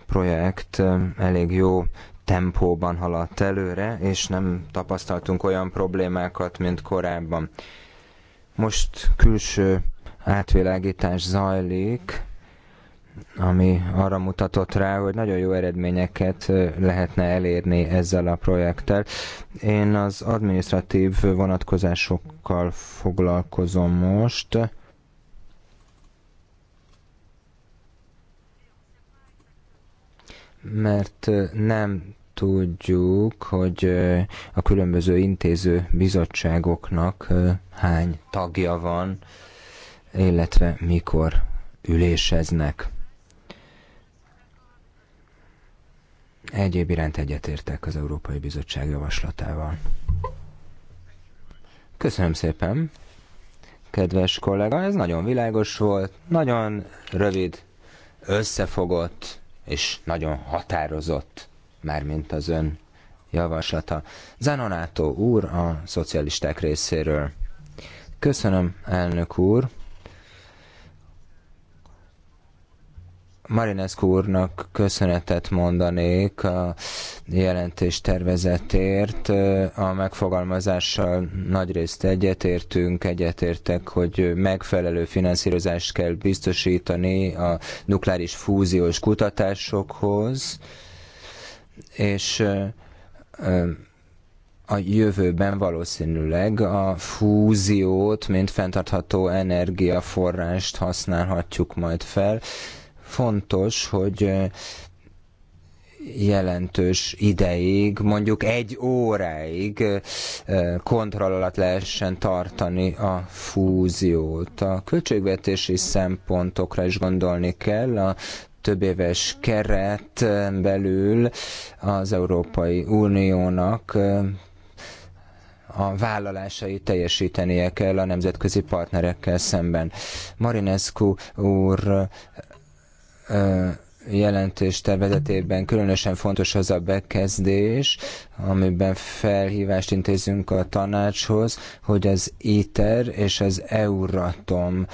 projekt elég jó tempóban haladt előre, és nem tapasztaltunk olyan problémákat, mint korábban. Most külső átvilágítás zajlik, ami arra mutatott rá, hogy nagyon jó eredményeket lehetne elérni ezzel a projekttel. Én az administratív vonatkozásokkal foglalkozom most. Mert nem tudjuk, hogy a különböző intéző bizottságoknak hány tagja van, illetve mikor üléseznek. Egyéb iránt egyetértek az Európai Bizottság javaslatával. Köszönöm szépen, kedves kollega, ez nagyon világos volt, nagyon rövid, összefogott és nagyon határozott, mármint az ön javaslata. Zanonátó úr a szocialisták részéről. Köszönöm, elnök úr. Marinescu úrnak köszönetet mondanék a jelentés tervezetért. A megfogalmazással nagyrészt egyetértünk, egyetértek, hogy megfelelő finanszírozást kell biztosítani a nukleáris fúziós kutatásokhoz, és a jövőben valószínűleg a fúziót, mint fenntartható energiaforrást használhatjuk majd fel, Fontos, hogy jelentős ideig, mondjuk egy óráig kontroll alatt lehessen tartani a fúziót. A költségvetési szempontokra is gondolni kell, a több éves keret belül az Európai Uniónak a vállalásai teljesítenie kell a nemzetközi partnerekkel szemben. Marinescu úr Jelentős tervezetében különösen fontos az a bekezdés, amiben felhívást intézünk a tanácshoz, hogy az ITER és az Euratom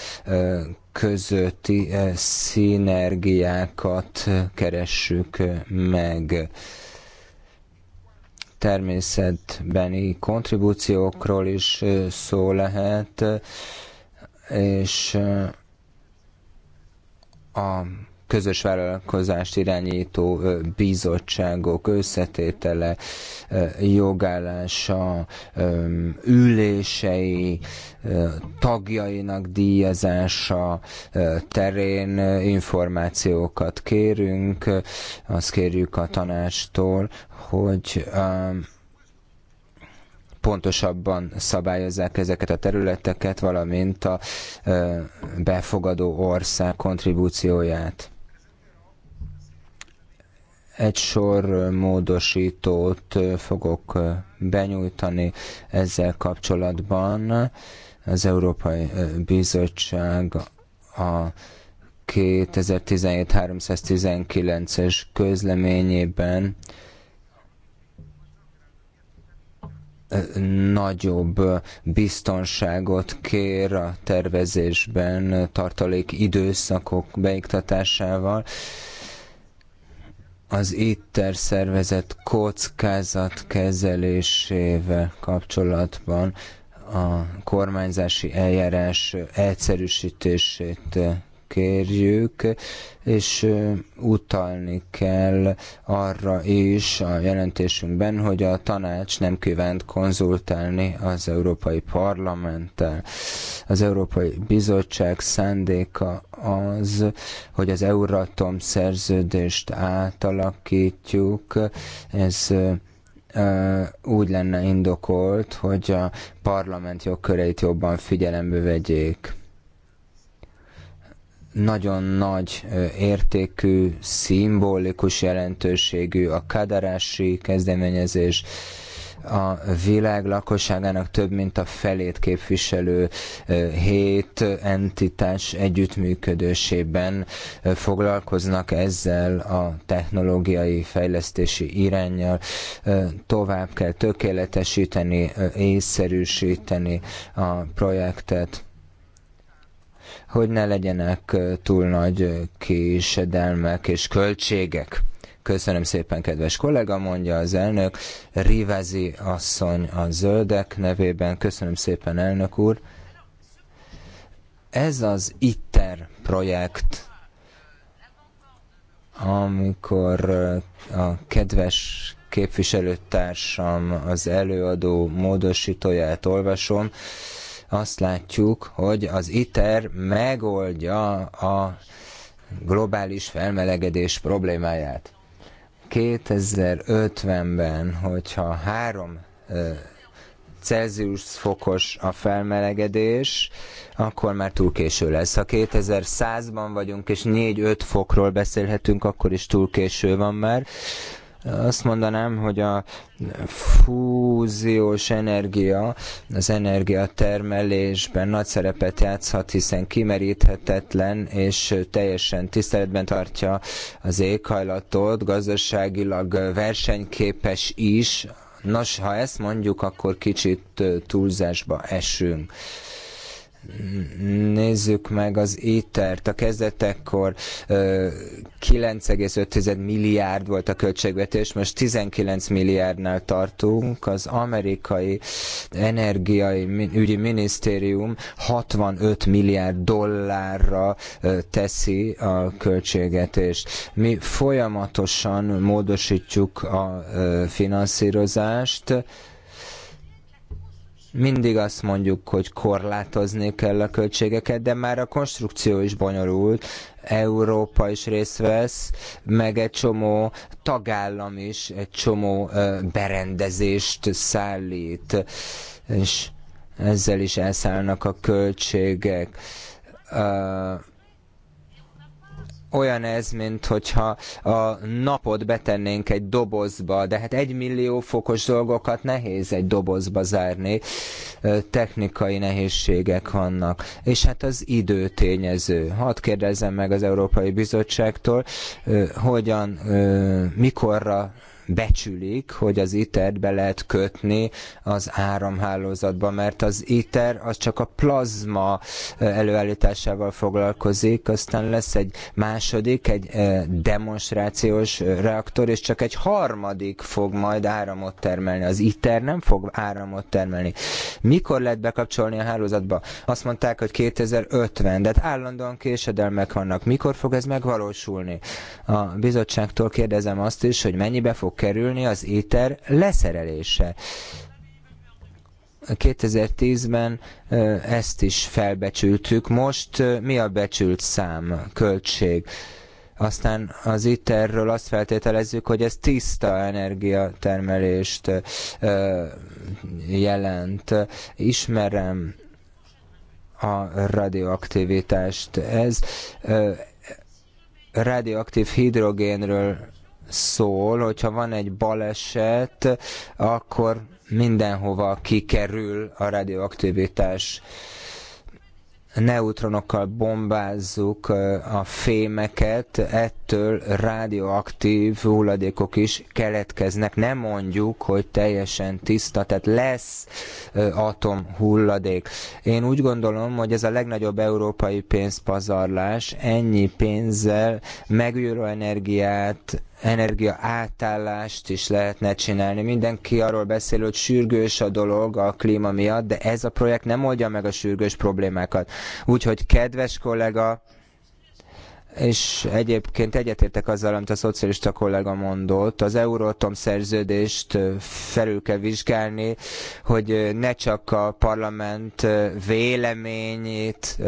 közötti szinergiákat keressük meg természetbeni kontribúciókról is szó lehet, és a közös vállalkozást irányító bizottságok összetétele, jogállása, ülései, tagjainak díjazása terén információkat kérünk, azt kérjük a tanástól, hogy pontosabban szabályozzák ezeket a területeket, valamint a befogadó ország kontribúcióját. Egy sor módosítót fogok benyújtani ezzel kapcsolatban. Az Európai Bizottság a 2017-319-es közleményében nagyobb biztonságot kér a tervezésben tartalék időszakok beiktatásával az ITER szervezet kockázatkezelésével kapcsolatban a kormányzási eljárás egyszerűsítését kérjük, és utalni kell arra is a jelentésünkben, hogy a tanács nem kívánt konzultálni az Európai Parlamenttel. Az Európai Bizottság szándéka az, hogy az Euratom szerződést átalakítjuk. Ez úgy lenne indokolt, hogy a parlament jogköreit jobban figyelembe vegyék nagyon nagy értékű, szimbolikus jelentőségű a kadarási kezdeményezés, a világ lakosságának több mint a felét képviselő hét entitás együttműködésében foglalkoznak ezzel a technológiai fejlesztési irányjal. Tovább kell tökéletesíteni, észszerűsíteni a projektet hogy ne legyenek túl nagy késedelmek és költségek. Köszönöm szépen, kedves kollega, mondja az elnök. Rivezi asszony a zöldek nevében. Köszönöm szépen, elnök úr. Ez az ITER projekt, amikor a kedves képviselőtársam az előadó módosítóját olvasom, azt látjuk, hogy az ITER megoldja a globális felmelegedés problémáját. 2050-ben, hogyha három Celsius fokos a felmelegedés, akkor már túl késő lesz. Ha 2100-ban vagyunk, és 4-5 fokról beszélhetünk, akkor is túl késő van már. Azt mondanám, hogy a fúziós energia az energiatermelésben nagy szerepet játszhat, hiszen kimeríthetetlen és teljesen tiszteletben tartja az éghajlatot, gazdaságilag versenyképes is. Nos, ha ezt mondjuk, akkor kicsit túlzásba esünk nézzük meg az étert. A kezdetekkor 9,5 milliárd volt a költségvetés, most 19 milliárdnál tartunk. Az amerikai energiai ügyi minisztérium 65 milliárd dollárra teszi a költségvetést. Mi folyamatosan módosítjuk a finanszírozást, mindig azt mondjuk, hogy korlátozni kell a költségeket, de már a konstrukció is bonyolult. Európa is részt vesz, meg egy csomó tagállam is egy csomó berendezést szállít, és ezzel is elszállnak a költségek. Uh, olyan ez, mint hogyha a napot betennénk egy dobozba, de hát egy millió fokos dolgokat nehéz egy dobozba zárni, technikai nehézségek vannak. És hát az időtényező. Hadd kérdezzem meg az Európai Bizottságtól, hogyan, mikorra becsülik, hogy az ITER-t be lehet kötni az áramhálózatba, mert az ITER az csak a plazma előállításával foglalkozik, aztán lesz egy második, egy demonstrációs reaktor, és csak egy harmadik fog majd áramot termelni. Az ITER nem fog áramot termelni. Mikor lehet bekapcsolni a hálózatba? Azt mondták, hogy 2050, de hát állandóan késedelmek vannak. Mikor fog ez megvalósulni? A bizottságtól kérdezem azt is, hogy mennyibe fog kerülni az éter leszerelése. 2010-ben ezt is felbecsültük, most mi a becsült szám, költség? aztán az iterről azt feltételezzük, hogy ez tiszta energiatermelést jelent. Ismerem a radioaktivitást. Ez radioaktív hidrogénről szól, hogyha van egy baleset, akkor mindenhova kikerül a radioaktivitás neutronokkal bombázzuk a fémeket, ettől radioaktív hulladékok is keletkeznek. Nem mondjuk, hogy teljesen tiszta, tehát lesz atomhulladék. Én úgy gondolom, hogy ez a legnagyobb európai pénzpazarlás. Ennyi pénzzel megújuló energiát, energia átállást is lehetne csinálni. Mindenki arról beszél, hogy sürgős a dolog a klíma miatt, de ez a projekt nem oldja meg a sürgős problémákat. Úgyhogy kedves kollega, és egyébként egyetértek azzal, amit a szocialista kollega mondott, az Euratom szerződést felül kell vizsgálni, hogy ne csak a parlament véleményét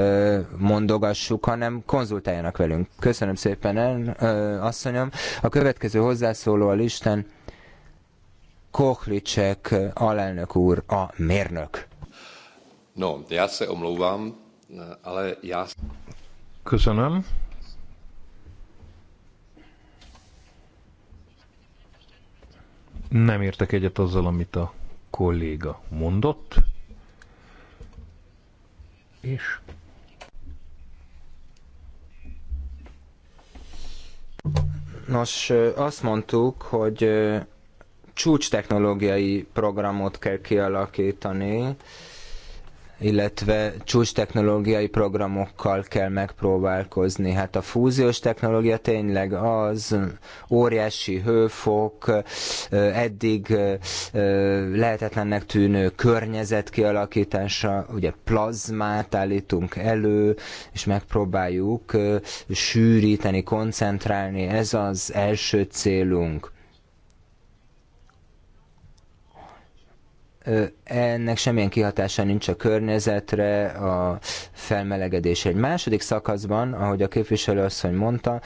mondogassuk, hanem konzultáljanak velünk. Köszönöm szépen, asszonyom. A következő hozzászóló a listán Kohlicek alelnök úr, a mérnök. No, já se omlouvám, ale já... Köszönöm. Nem értek egyet azzal, amit a kolléga mondott. És Nos, azt mondtuk, hogy csúcs technológiai programot kell kialakítani, illetve csúcs technológiai programokkal kell megpróbálkozni. Hát a fúziós technológia tényleg az óriási hőfok, eddig lehetetlennek tűnő környezet kialakítása, ugye plazmát állítunk elő, és megpróbáljuk sűríteni, koncentrálni, ez az első célunk ennek semmilyen kihatása nincs a környezetre, a felmelegedés Egy második szakaszban, ahogy a képviselő asszony mondta,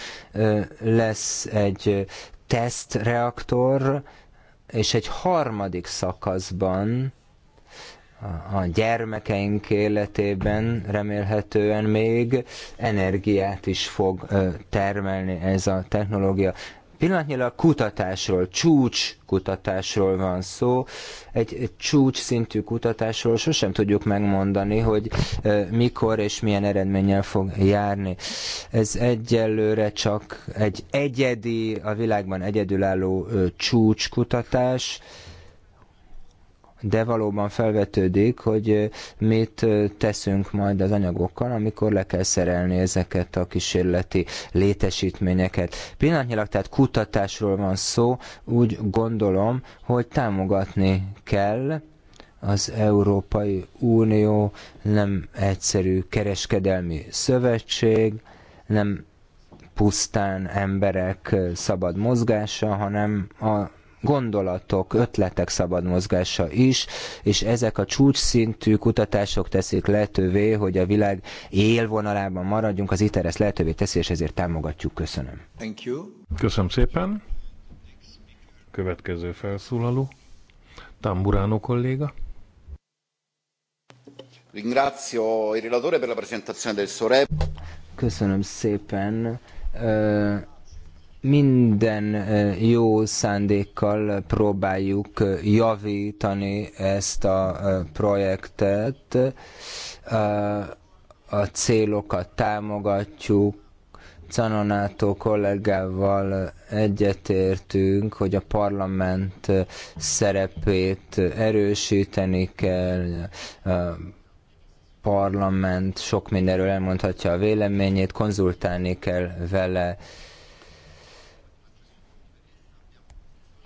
lesz egy tesztreaktor, és egy harmadik szakaszban a gyermekeink életében remélhetően még energiát is fog termelni ez a technológia. Pillanatnyilag kutatásról, csúcs kutatásról van szó, egy, egy csúcs szintű kutatásról sosem tudjuk megmondani, hogy mikor és milyen eredménnyel fog járni. Ez egyelőre csak egy egyedi, a világban egyedülálló csúcskutatás, kutatás, de valóban felvetődik, hogy mit teszünk majd az anyagokkal, amikor le kell szerelni ezeket a kísérleti létesítményeket. Pillanatnyilag tehát kutatásról van szó, úgy gondolom, hogy támogatni kell az Európai Unió nem egyszerű kereskedelmi szövetség, nem pusztán emberek szabad mozgása, hanem a gondolatok, ötletek szabad mozgása is, és ezek a csúcsszintű kutatások teszik lehetővé, hogy a világ élvonalában maradjunk, az ITER ezt lehetővé teszi, és ezért támogatjuk. Köszönöm. Thank you. Köszönöm szépen. Következő felszólaló. Tamburano kolléga. Ringrazio il relatore per la presentazione del suo Köszönöm szépen minden jó szándékkal próbáljuk javítani ezt a projektet, a célokat támogatjuk, Canonátó kollégával egyetértünk, hogy a parlament szerepét erősíteni kell, a parlament sok mindenről elmondhatja a véleményét, konzultálni kell vele,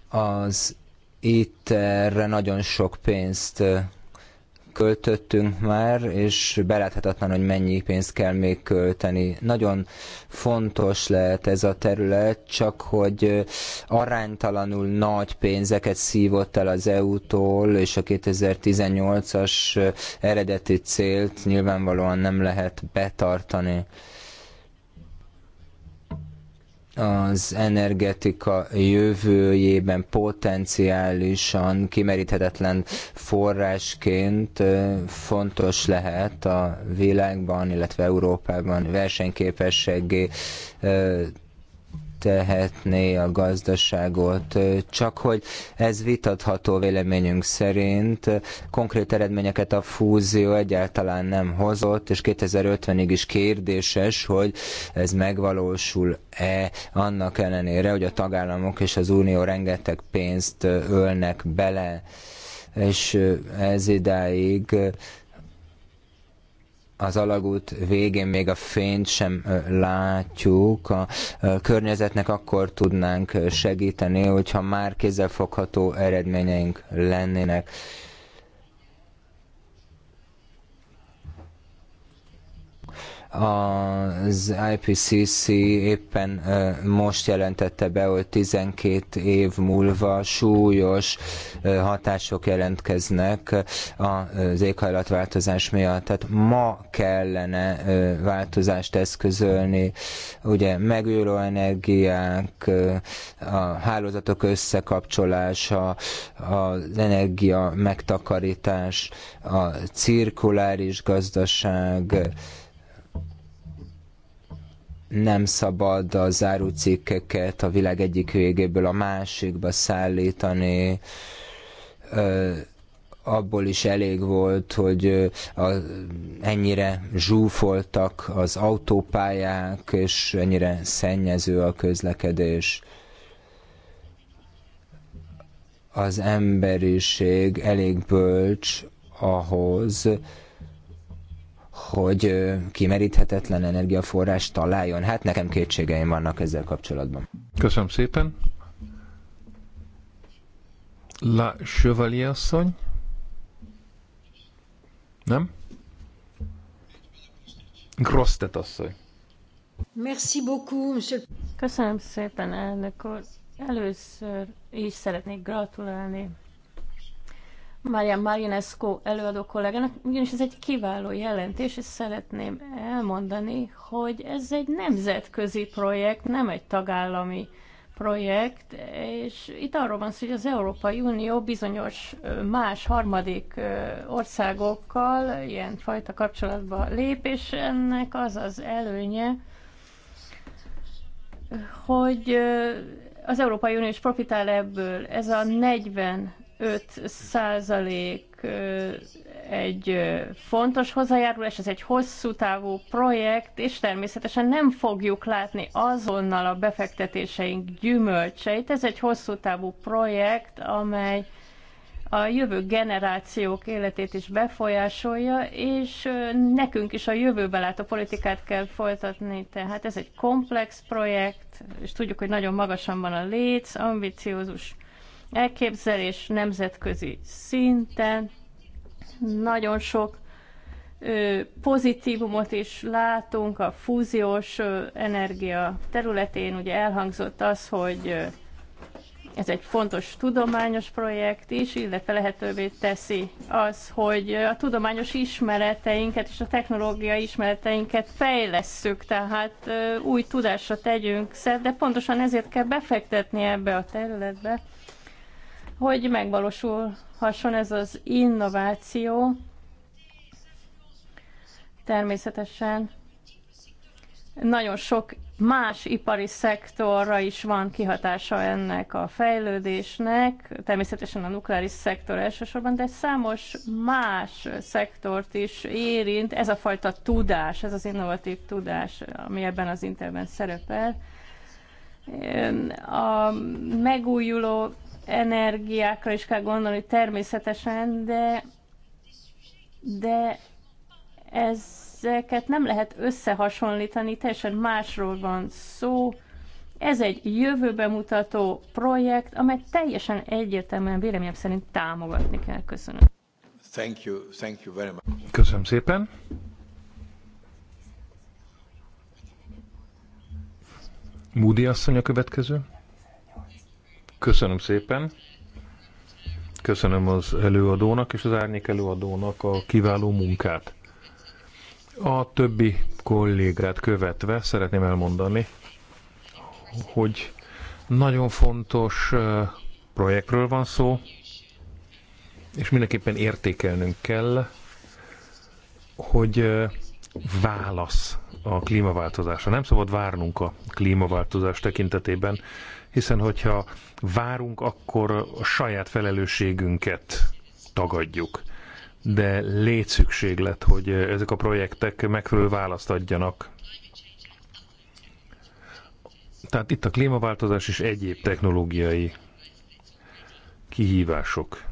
Az itt nagyon sok pénzt költöttünk már, és beláthatatlan, hogy mennyi pénzt kell még költeni. Nagyon fontos lehet ez a terület, csak hogy aránytalanul nagy pénzeket szívott el az EU-tól, és a 2018-as eredeti célt nyilvánvalóan nem lehet betartani az energetika jövőjében potenciálisan kimeríthetetlen forrásként fontos lehet a világban, illetve Európában versenyképességé segíthetné a gazdaságot, csak hogy ez vitatható véleményünk szerint. Konkrét eredményeket a fúzió egyáltalán nem hozott, és 2050-ig is kérdéses, hogy ez megvalósul-e annak ellenére, hogy a tagállamok és az Unió rengeteg pénzt ölnek bele és ez idáig az alagút végén még a fényt sem látjuk. A környezetnek akkor tudnánk segíteni, hogyha már kézzelfogható eredményeink lennének. Az IPCC éppen most jelentette be, hogy 12 év múlva súlyos hatások jelentkeznek az éghajlatváltozás miatt. Tehát ma kellene változást eszközölni, ugye megújuló energiák, a hálózatok összekapcsolása, az energia megtakarítás, a cirkuláris gazdaság, nem szabad a zárócikkeket a világ egyik végéből a másikba szállítani. Abból is elég volt, hogy a, ennyire zsúfoltak az autópályák, és ennyire szennyező a közlekedés az emberiség elég bölcs ahhoz, hogy kimeríthetetlen energiaforrás találjon. Hát nekem kétségeim vannak ezzel kapcsolatban. Köszönöm szépen. La Chevalier asszony? Nem? Grosztet asszony. Merci beaucoup, monsieur. Köszönöm szépen, elnök úr. Először is szeretnék gratulálni Mária Marinescu előadó kollégának, ugyanis ez egy kiváló jelentés, és szeretném elmondani, hogy ez egy nemzetközi projekt, nem egy tagállami projekt, és itt arról van szó, hogy az Európai Unió bizonyos más harmadik országokkal ilyen fajta kapcsolatba lép, és ennek az az előnye, hogy az Európai Unió is profitál ebből. Ez a 40 5% egy fontos hozzájárulás, ez egy hosszú távú projekt, és természetesen nem fogjuk látni azonnal a befektetéseink gyümölcseit. Ez egy hosszú távú projekt, amely a jövő generációk életét is befolyásolja, és nekünk is a jövőbe látó politikát kell folytatni. Tehát ez egy komplex projekt, és tudjuk, hogy nagyon magasan van a léc, ambiciózus elképzelés nemzetközi szinten. Nagyon sok pozitívumot is látunk a fúziós energia területén. Ugye elhangzott az, hogy ez egy fontos tudományos projekt is, illetve lehetővé teszi az, hogy a tudományos ismereteinket és a technológiai ismereteinket fejlesszük, tehát új tudásra tegyünk szert, de pontosan ezért kell befektetni ebbe a területbe, hogy megvalósulhasson ez az innováció. Természetesen nagyon sok más ipari szektorra is van kihatása ennek a fejlődésnek, természetesen a nukleáris szektor elsősorban, de számos más szektort is érint ez a fajta tudás, ez az innovatív tudás, ami ebben az interben szerepel. A megújuló energiákra is kell gondolni természetesen, de, de ezeket nem lehet összehasonlítani, teljesen másról van szó. Ez egy jövőbe mutató projekt, amely teljesen egyértelműen véleményem szerint támogatni kell. Köszönöm. Thank you. Thank you very much. Köszönöm szépen. Múdi asszony a következő. Köszönöm szépen. Köszönöm az előadónak és az árnyék előadónak a kiváló munkát. A többi kollégát követve szeretném elmondani, hogy nagyon fontos projektről van szó, és mindenképpen értékelnünk kell, hogy válasz a klímaváltozásra. Nem szabad várnunk a klímaváltozás tekintetében, hiszen hogyha várunk, akkor a saját felelősségünket tagadjuk. De létszükséglet, hogy ezek a projektek megfelelő választ adjanak. Tehát itt a klímaváltozás és egyéb technológiai kihívások.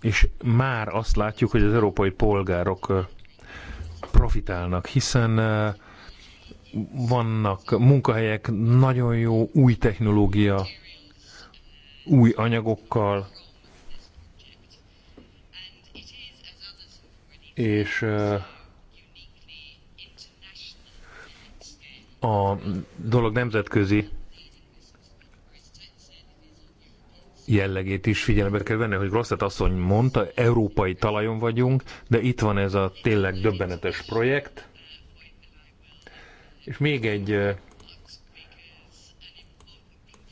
És már azt látjuk, hogy az európai polgárok profitálnak, hiszen vannak munkahelyek, nagyon jó új technológia, új anyagokkal, és a dolog nemzetközi jellegét is figyelembe kell venni, hogy Grosszett asszony mondta, európai talajon vagyunk, de itt van ez a tényleg döbbenetes projekt, és még egy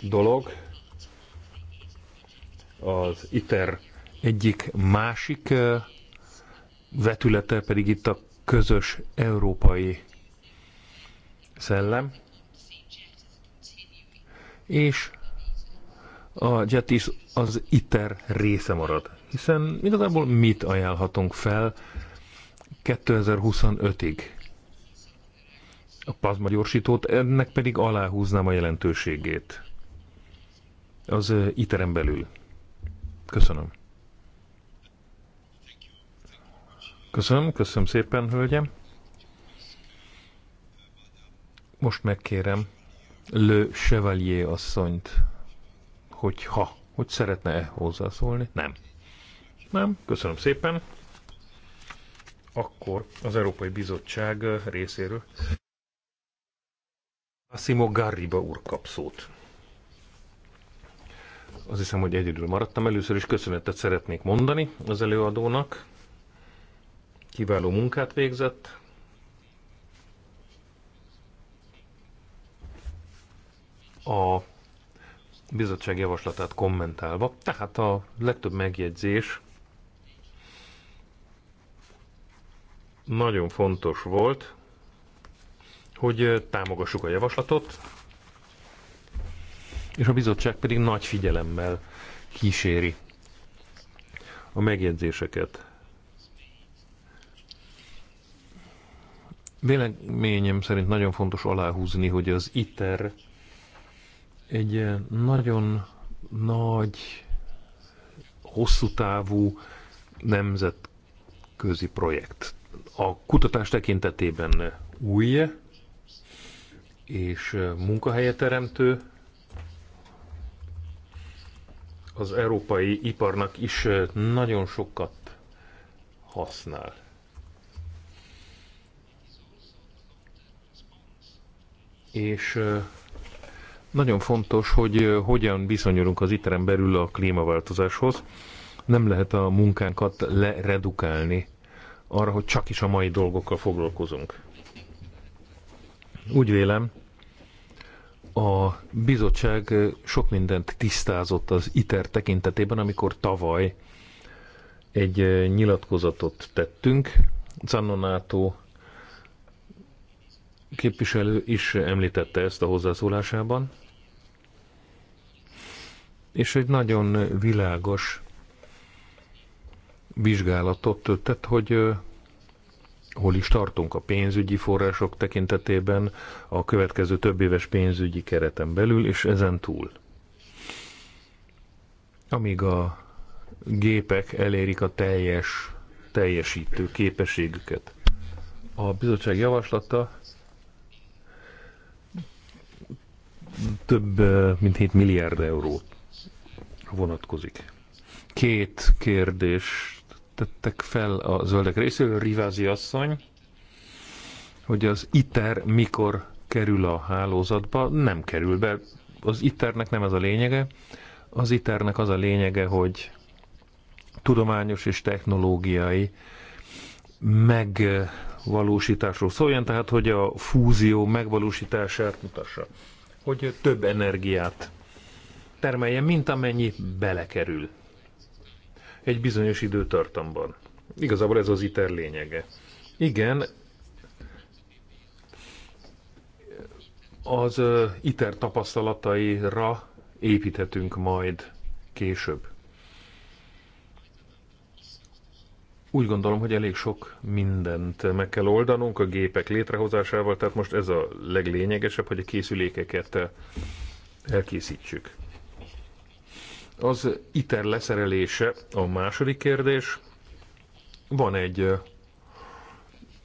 dolog, az ITER egyik másik vetülete pedig itt a közös európai szellem, és a Jetis az ITER része marad. Hiszen igazából mit ajánlhatunk fel 2025-ig? a plazma gyorsítót, ennek pedig aláhúznám a jelentőségét. Az iterem belül. Köszönöm. Köszönöm, köszönöm szépen, hölgyem. Most megkérem Le Chevalier asszonyt, hogy ha, hogy szeretne-e hozzászólni? Nem. Nem, köszönöm szépen. Akkor az Európai Bizottság részéről. Massimo Garriba úr kap szót. Azt hiszem, hogy egyedül maradtam. Először is köszönetet szeretnék mondani az előadónak. Kiváló munkát végzett. A bizottság javaslatát kommentálva, tehát a legtöbb megjegyzés nagyon fontos volt, hogy támogassuk a javaslatot, és a bizottság pedig nagy figyelemmel kíséri a megjegyzéseket. Véleményem szerint nagyon fontos aláhúzni, hogy az ITER egy nagyon nagy, hosszú távú nemzetközi projekt. A kutatás tekintetében új, és munkahelyeteremtő, az európai iparnak is nagyon sokat használ. És nagyon fontos, hogy hogyan viszonyulunk az iterem belül a klímaváltozáshoz. Nem lehet a munkánkat leredukálni arra, hogy csak is a mai dolgokkal foglalkozunk. Úgy vélem, a bizottság sok mindent tisztázott az ITER tekintetében, amikor tavaly egy nyilatkozatot tettünk. Zannonato képviselő is említette ezt a hozzászólásában. És egy nagyon világos vizsgálatot tett, hogy hol is tartunk a pénzügyi források tekintetében a következő több éves pénzügyi kereten belül és ezen túl. Amíg a gépek elérik a teljes teljesítő képességüket. A bizottság javaslata több mint 7 milliárd euró vonatkozik. Két kérdés tettek fel a zöldek részéről, Rivázi asszony, hogy az ITER mikor kerül a hálózatba, nem kerül be. Az ITER-nek nem ez a lényege. Az ITER-nek az a lényege, hogy tudományos és technológiai megvalósításról szóljon, tehát hogy a fúzió megvalósítását mutassa. Hogy több energiát termeljen, mint amennyi belekerül egy bizonyos időtartamban. Igazából ez az ITER lényege. Igen, az ITER tapasztalataira építhetünk majd később. Úgy gondolom, hogy elég sok mindent meg kell oldanunk a gépek létrehozásával, tehát most ez a leglényegesebb, hogy a készülékeket elkészítsük. Az ITER leszerelése a második kérdés. Van egy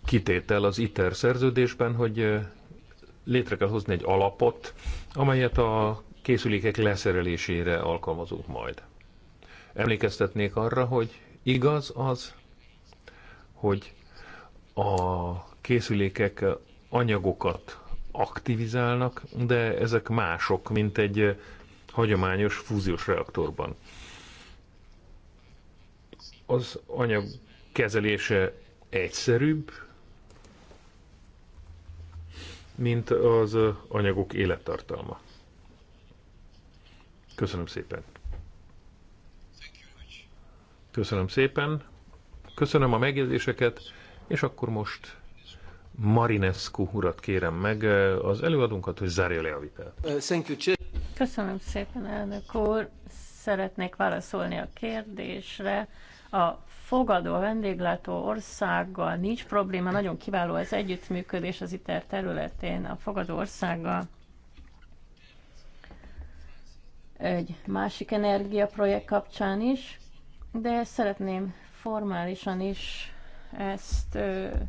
kitétel az ITER szerződésben, hogy létre kell hozni egy alapot, amelyet a készülékek leszerelésére alkalmazunk majd. Emlékeztetnék arra, hogy igaz az, hogy a készülékek anyagokat aktivizálnak, de ezek mások, mint egy hagyományos fúziós reaktorban. Az anyag kezelése egyszerűbb, mint az anyagok élettartalma. Köszönöm szépen. Köszönöm szépen. Köszönöm a megjegyzéseket, és akkor most Marinescu urat kérem meg, az előadónkat, hogy zárja le a vitát. Köszönöm szépen, elnök úr. Szeretnék válaszolni a kérdésre. A fogadó, a vendéglátó országgal nincs probléma, nagyon kiváló az együttműködés az ITER területén a fogadó országgal. Egy másik energiaprojekt kapcsán is, de szeretném formálisan is ezt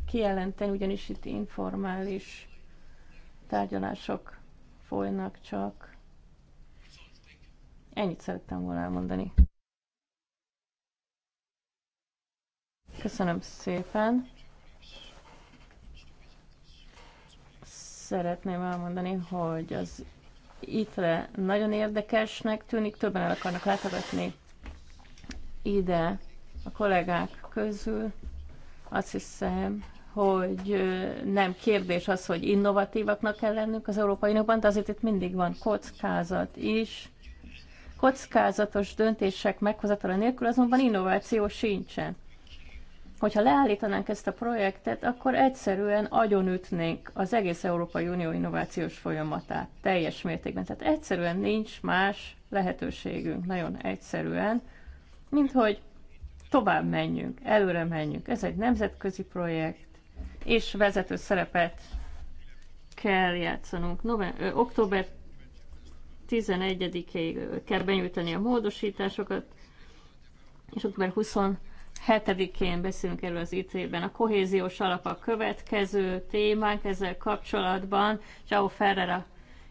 kijelenteni, ugyanis itt informális tárgyalások folynak csak Ennyit szerettem volna elmondani. Köszönöm szépen. Szeretném elmondani, hogy az ITRE nagyon érdekesnek tűnik, többen el akarnak látogatni ide a kollégák közül. Azt hiszem, hogy nem kérdés az, hogy innovatívaknak kell lennünk az Európai Unióban, de azért itt mindig van kockázat is. Kockázatos döntések meghozatala nélkül azonban innováció sincsen. Hogyha leállítanánk ezt a projektet, akkor egyszerűen agyonütnénk az egész Európai Unió innovációs folyamatát teljes mértékben. Tehát egyszerűen nincs más lehetőségünk, nagyon egyszerűen, mint hogy tovább menjünk, előre menjünk. Ez egy nemzetközi projekt, és vezető szerepet kell játszanunk. November, ö, október 11-ig kell benyújtani a módosításokat, és október 27-én beszélünk erről az IT-ben. A kohéziós alap a következő témánk ezzel kapcsolatban. Csáó Ferrera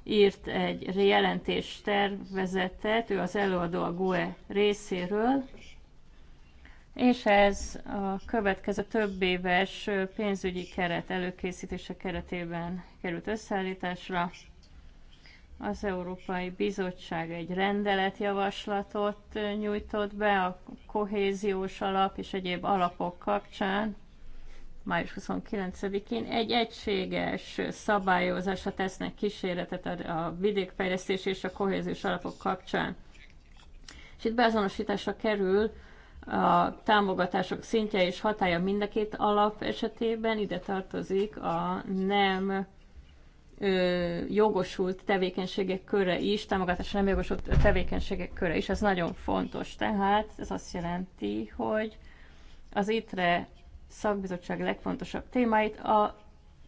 írt egy jelentés tervezetet, ő az előadó a GUE részéről, és ez a következő több éves pénzügyi keret előkészítése keretében került összeállításra az Európai Bizottság egy rendeletjavaslatot nyújtott be a kohéziós alap és egyéb alapok kapcsán május 29-én egy egységes szabályozásra tesznek kísérletet a vidékfejlesztés és a kohéziós alapok kapcsán. És itt beazonosításra kerül a támogatások szintje és hatája mind a két alap esetében, ide tartozik a nem jogosult tevékenységek köre is, támogatásra nem jogosult tevékenységek köre is, ez nagyon fontos. Tehát ez azt jelenti, hogy az ITRE szakbizottság legfontosabb témáit a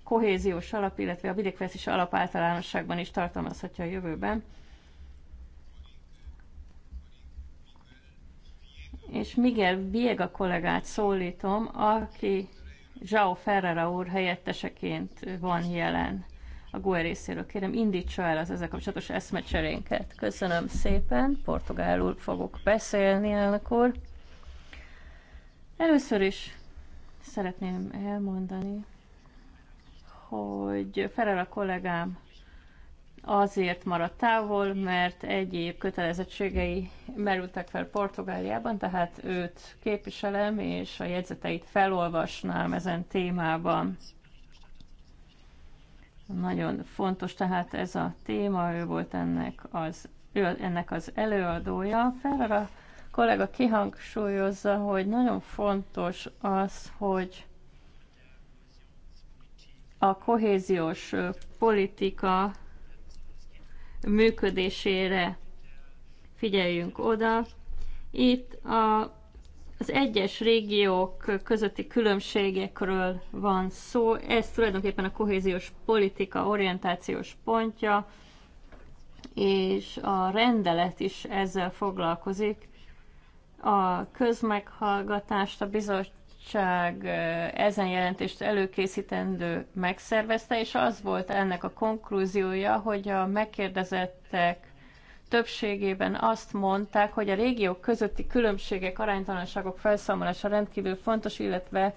kohéziós alap, illetve a vidékfejlesztés alap általánosságban is tartalmazhatja a jövőben. És Miguel Biega kollégát szólítom, aki Zsao Ferrara úr helyetteseként van jelen a GUE részéről kérem, indítsa el az ezzel kapcsolatos eszmecserénket. Köszönöm szépen, portugálul fogok beszélni, elnök úr. Először is szeretném elmondani, hogy Ferrer a kollégám azért maradt távol, mert egyéb kötelezettségei merültek fel Portugáliában, tehát őt képviselem, és a jegyzeteit felolvasnám ezen témában. Nagyon fontos tehát ez a téma, ő volt ennek az, ő ennek az előadója. Ferrara kollega kihangsúlyozza, hogy nagyon fontos az, hogy a kohéziós politika működésére figyeljünk oda. Itt a az egyes régiók közötti különbségekről van szó. Ez tulajdonképpen a kohéziós politika orientációs pontja, és a rendelet is ezzel foglalkozik. A közmeghallgatást a bizottság ezen jelentést előkészítendő megszervezte, és az volt ennek a konklúziója, hogy a megkérdezettek többségében azt mondták, hogy a régiók közötti különbségek, aránytalanságok felszámolása rendkívül fontos, illetve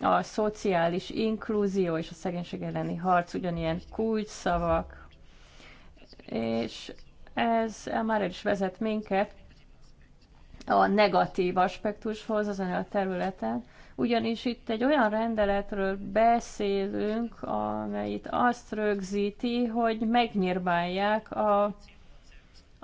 a szociális inkluzió és a szegénység elleni harc ugyanilyen kulcsszavak. És ez már el is vezet minket a negatív aspektushoz azon a területen, ugyanis itt egy olyan rendeletről beszélünk, amely itt azt rögzíti, hogy megnyírbálják a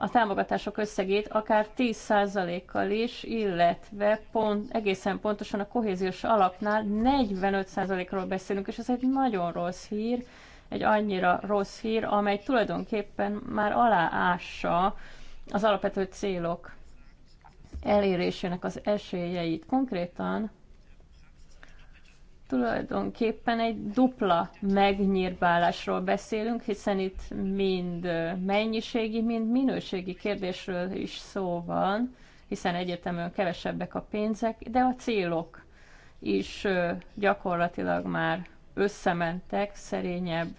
a támogatások összegét akár 10%-kal is, illetve pont, egészen pontosan a kohéziós alapnál 45%-ról beszélünk, és ez egy nagyon rossz hír, egy annyira rossz hír, amely tulajdonképpen már aláássa az alapvető célok elérésének az esélyeit. Konkrétan tulajdonképpen egy dupla megnyírbálásról beszélünk, hiszen itt mind mennyiségi, mind minőségi kérdésről is szó van, hiszen egyetemen kevesebbek a pénzek, de a célok is gyakorlatilag már összementek, szerényebb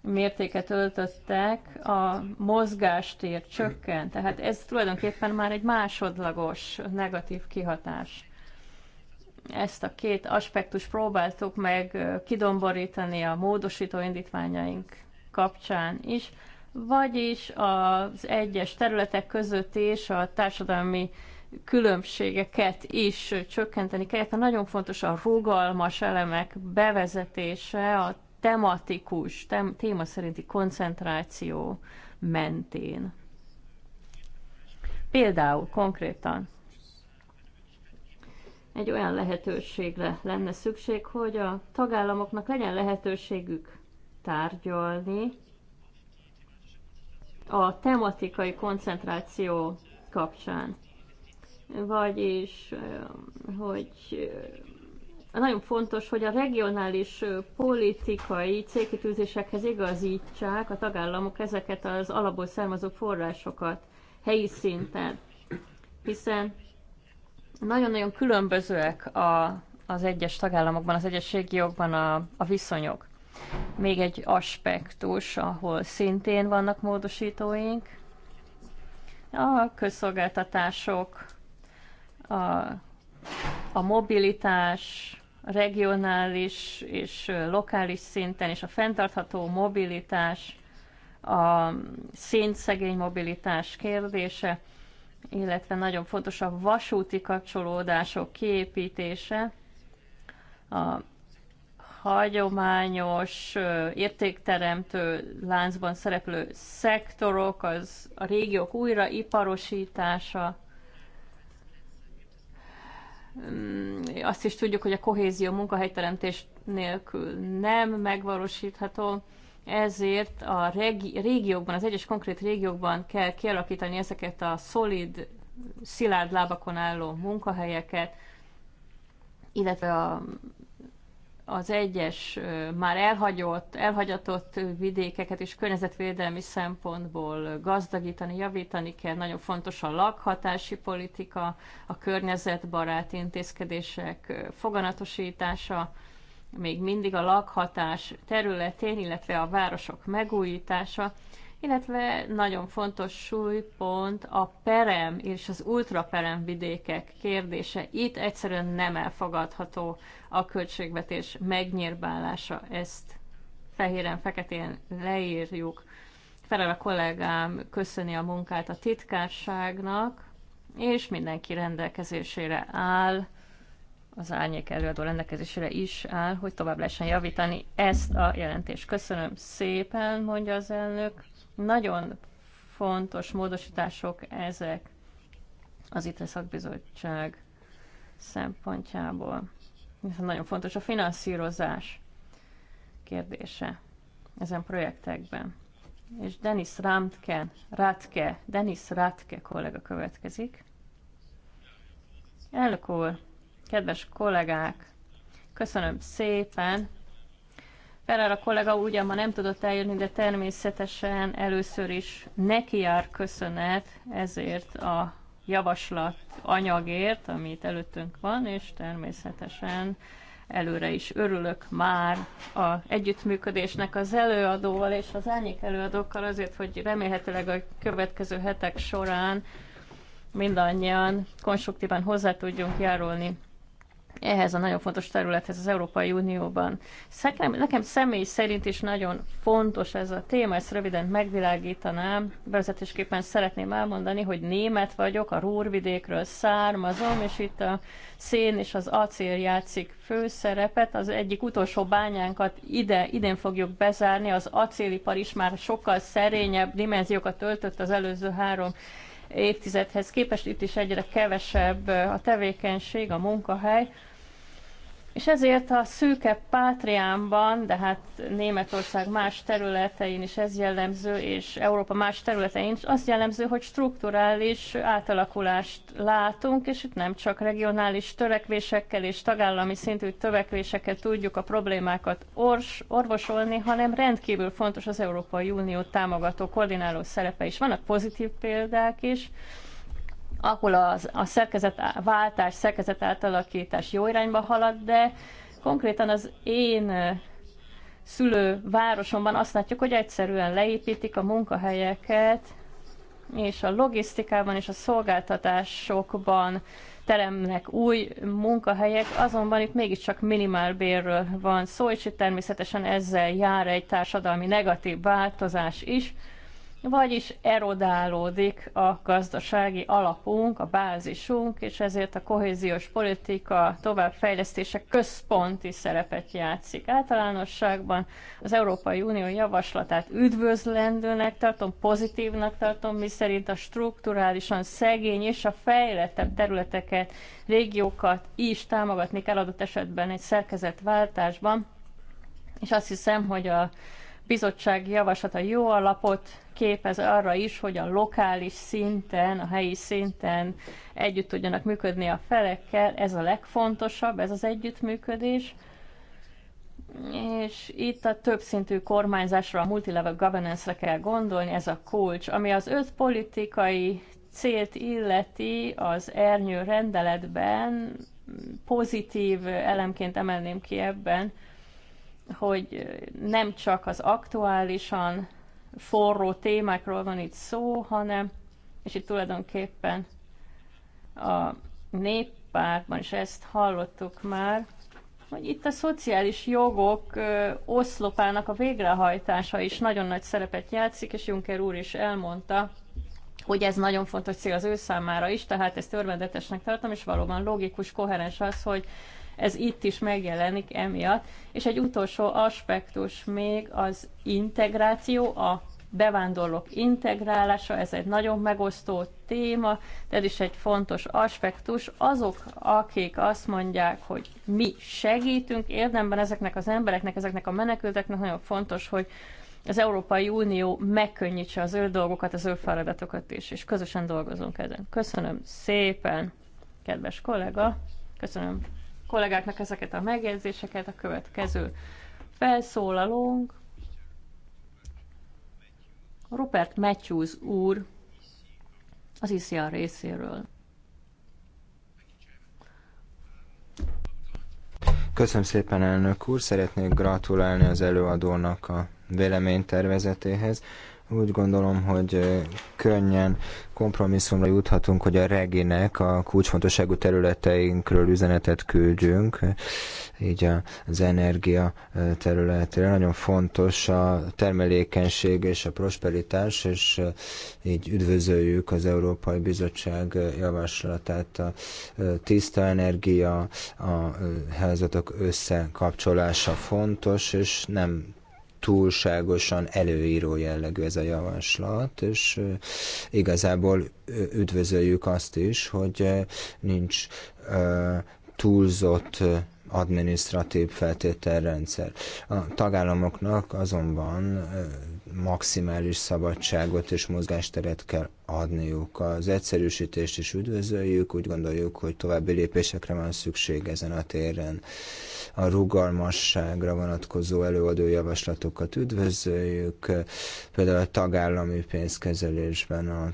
mértéket öltöttek, a mozgástér csökkent, tehát ez tulajdonképpen már egy másodlagos negatív kihatás ezt a két aspektus próbáltuk meg kidomborítani a módosító indítványaink kapcsán is, vagyis az egyes területek között és a társadalmi különbségeket is csökkenteni kell. Tehát nagyon fontos a rugalmas elemek bevezetése, a tematikus, tem- téma szerinti koncentráció mentén. Például konkrétan egy olyan lehetőségre lenne szükség, hogy a tagállamoknak legyen lehetőségük tárgyalni a tematikai koncentráció kapcsán. Vagyis, hogy nagyon fontos, hogy a regionális politikai célkitűzésekhez igazítsák a tagállamok ezeket az alapból származó forrásokat helyi szinten, hiszen nagyon-nagyon különbözőek a, az egyes tagállamokban, az egyes jogban a, a viszonyok. Még egy aspektus, ahol szintén vannak módosítóink, a közszolgáltatások, a, a mobilitás, regionális és lokális szinten, és a fenntartható mobilitás, a szintszegény mobilitás kérdése illetve nagyon fontos a vasúti kapcsolódások kiépítése, a hagyományos értékteremtő láncban szereplő szektorok, az a régiók újraiparosítása, mm, azt is tudjuk, hogy a kohézió munkahelyteremtés nélkül nem megvalósítható ezért a regi- régiókban, az egyes konkrét régiókban kell kialakítani ezeket a szolid, szilárd lábakon álló munkahelyeket, illetve a, az egyes már elhagyott, elhagyatott vidékeket is környezetvédelmi szempontból gazdagítani, javítani kell. Nagyon fontos a lakhatási politika, a környezetbarát intézkedések foganatosítása, még mindig a lakhatás területén, illetve a városok megújítása, illetve nagyon fontos súlypont a perem és az ultraperem vidékek kérdése. Itt egyszerűen nem elfogadható a költségvetés megnyírbálása, ezt fehéren, feketén leírjuk. Felel a kollégám köszöni a munkát a titkárságnak, és mindenki rendelkezésére áll az árnyék előadó rendelkezésére is áll, hogy tovább lehessen javítani ezt a jelentést. Köszönöm szépen, mondja az elnök. Nagyon fontos módosítások ezek az ITRE szakbizottság szempontjából. nagyon fontos a finanszírozás kérdése ezen projektekben. És Denis Ramtke, Ratke, Denis Ratke kollega következik. Elnök úr, Kedves kollégák, köszönöm szépen. Ferrara kollega ugyan ma nem tudott eljönni, de természetesen először is neki jár köszönet ezért a javaslat anyagért, amit előttünk van, és természetesen előre is örülök már a együttműködésnek az előadóval és az árnyék előadókkal azért, hogy remélhetőleg a következő hetek során mindannyian konstruktívan hozzá tudjunk járulni ehhez a nagyon fontos területhez az Európai Unióban. Nekem, nekem személy szerint is nagyon fontos ez a téma, ezt röviden megvilágítanám. Bevezetésképpen szeretném elmondani, hogy német vagyok, a Rúrvidékről származom, és itt a szén és az acél játszik főszerepet. Az egyik utolsó bányánkat ide, idén fogjuk bezárni, az acélipar is már sokkal szerényebb dimenziókat töltött az előző három évtizedhez képest itt is egyre kevesebb a tevékenység, a munkahely, és ezért a szűke pátriámban, de hát Németország más területein is ez jellemző, és Európa más területein is az jellemző, hogy strukturális átalakulást látunk, és itt nem csak regionális törekvésekkel és tagállami szintű törekvésekkel tudjuk a problémákat ors, orvosolni, hanem rendkívül fontos az Európai Unió támogató, koordináló szerepe is. Vannak pozitív példák is, ahol az, a szerkezetváltás, szerkezet átalakítás jó irányba halad, de konkrétan az én szülő városomban azt látjuk, hogy egyszerűen leépítik a munkahelyeket, és a logisztikában és a szolgáltatásokban teremnek új munkahelyek, azonban itt mégiscsak bérről van szó, és itt természetesen ezzel jár egy társadalmi negatív változás is, vagyis erodálódik a gazdasági alapunk, a bázisunk, és ezért a kohéziós politika továbbfejlesztése központi szerepet játszik. Általánosságban az Európai Unió javaslatát üdvözlendőnek tartom, pozitívnak tartom, miszerint a strukturálisan szegény és a fejlettebb területeket, régiókat is támogatni kell adott esetben egy szerkezetváltásban, és azt hiszem, hogy a bizottság javaslata jó alapot képez arra is, hogy a lokális szinten, a helyi szinten együtt tudjanak működni a felekkel. Ez a legfontosabb, ez az együttműködés. És itt a többszintű kormányzásra, a multilevel governance-re kell gondolni, ez a kulcs. Ami az öt politikai célt illeti, az ernyő rendeletben pozitív elemként emelném ki ebben, hogy nem csak az aktuálisan forró témákról van itt szó, hanem, és itt tulajdonképpen a néppártban is ezt hallottuk már, hogy itt a szociális jogok oszlopának a végrehajtása is nagyon nagy szerepet játszik, és Juncker úr is elmondta, hogy ez nagyon fontos cél az ő számára is, tehát ezt örvendetesnek tartom, és valóban logikus, koherens az, hogy ez itt is megjelenik emiatt. És egy utolsó aspektus még az integráció, a bevándorlók integrálása, ez egy nagyon megosztó téma, de ez is egy fontos aspektus. Azok, akik azt mondják, hogy mi segítünk, érdemben ezeknek az embereknek, ezeknek a menekülteknek nagyon fontos, hogy az Európai Unió megkönnyítse az ő dolgokat, az ő feladatokat is, és közösen dolgozunk ezen. Köszönöm szépen, kedves kollega, köszönöm kollégáknak ezeket a megjegyzéseket. A következő felszólalónk Rupert Matthews úr az ICR részéről. Köszönöm szépen, elnök úr! Szeretnék gratulálni az előadónak a véleménytervezetéhez. Úgy gondolom, hogy könnyen kompromisszumra juthatunk, hogy a reginek a kulcsfontosságú területeinkről üzenetet küldjünk, így az energia területére. Nagyon fontos a termelékenység és a prosperitás, és így üdvözöljük az Európai Bizottság javaslatát a tiszta energia, a helyzetek összekapcsolása fontos, és nem túlságosan előíró jellegű ez a javaslat, és igazából üdvözöljük azt is, hogy nincs túlzott adminisztratív feltételrendszer. A tagállamoknak azonban maximális szabadságot és mozgásteret kell adniuk. Az egyszerűsítést is üdvözöljük, úgy gondoljuk, hogy további lépésekre van szükség ezen a téren. A rugalmasságra vonatkozó előadó javaslatokat üdvözöljük, például a tagállami pénzkezelésben a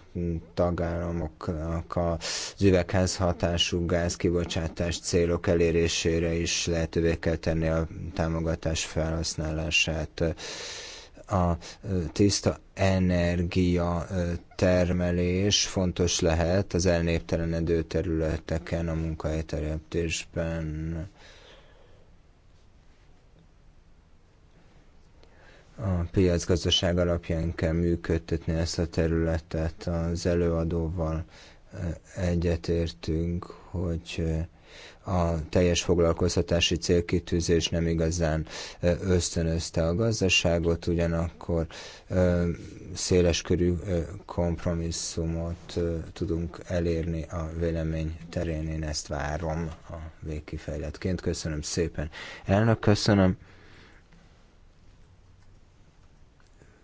tagállamoknak az üveghez hatású gázkibocsátás célok elérésére is lehetővé kell tenni a támogatás felhasználását a tiszta energia termelés fontos lehet az elnéptelenedő területeken, a munkahelyteremtésben. a piacgazdaság alapján kell működtetni ezt a területet. Az előadóval egyetértünk, hogy a teljes foglalkoztatási célkitűzés nem igazán ösztönözte a gazdaságot, ugyanakkor széleskörű kompromisszumot tudunk elérni a vélemény terén. Én ezt várom a végkifejletként. Köszönöm szépen. Elnök, köszönöm.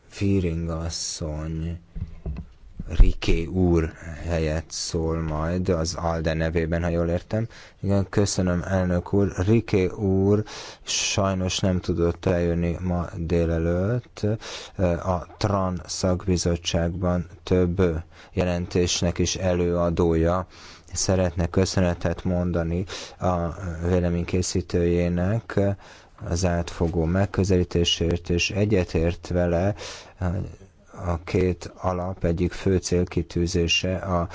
Fearing asszony Riké úr helyett szól majd az ALDE nevében, ha jól értem. Igen, köszönöm elnök úr. Riké úr sajnos nem tudott eljönni ma délelőtt. A TRAN szakbizottságban több jelentésnek is előadója szeretne köszönetet mondani a véleménykészítőjének az átfogó megközelítésért, és egyetért vele, a két alap egyik fő célkitűzése a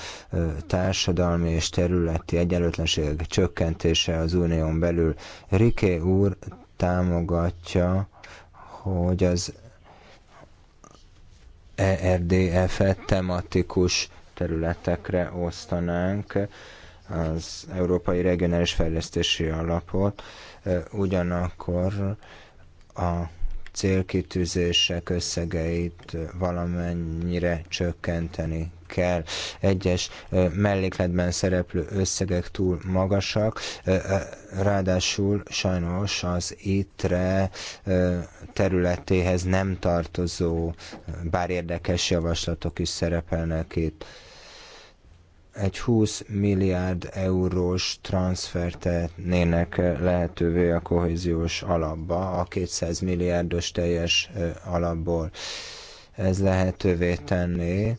társadalmi és területi egyenlőtlenség csökkentése az unión belül. Riké úr támogatja, hogy az ERDF-et tematikus területekre osztanánk az Európai Regionális Fejlesztési Alapot, ugyanakkor a célkitűzések összegeit valamennyire csökkenteni kell. Egyes mellékletben szereplő összegek túl magasak, ráadásul sajnos az ITRE területéhez nem tartozó, bár érdekes javaslatok is szerepelnek itt egy 20 milliárd eurós transfert tennének eh, lehetővé a kohéziós alapba, a 200 milliárdos teljes eh, alapból. Ez lehetővé tenné,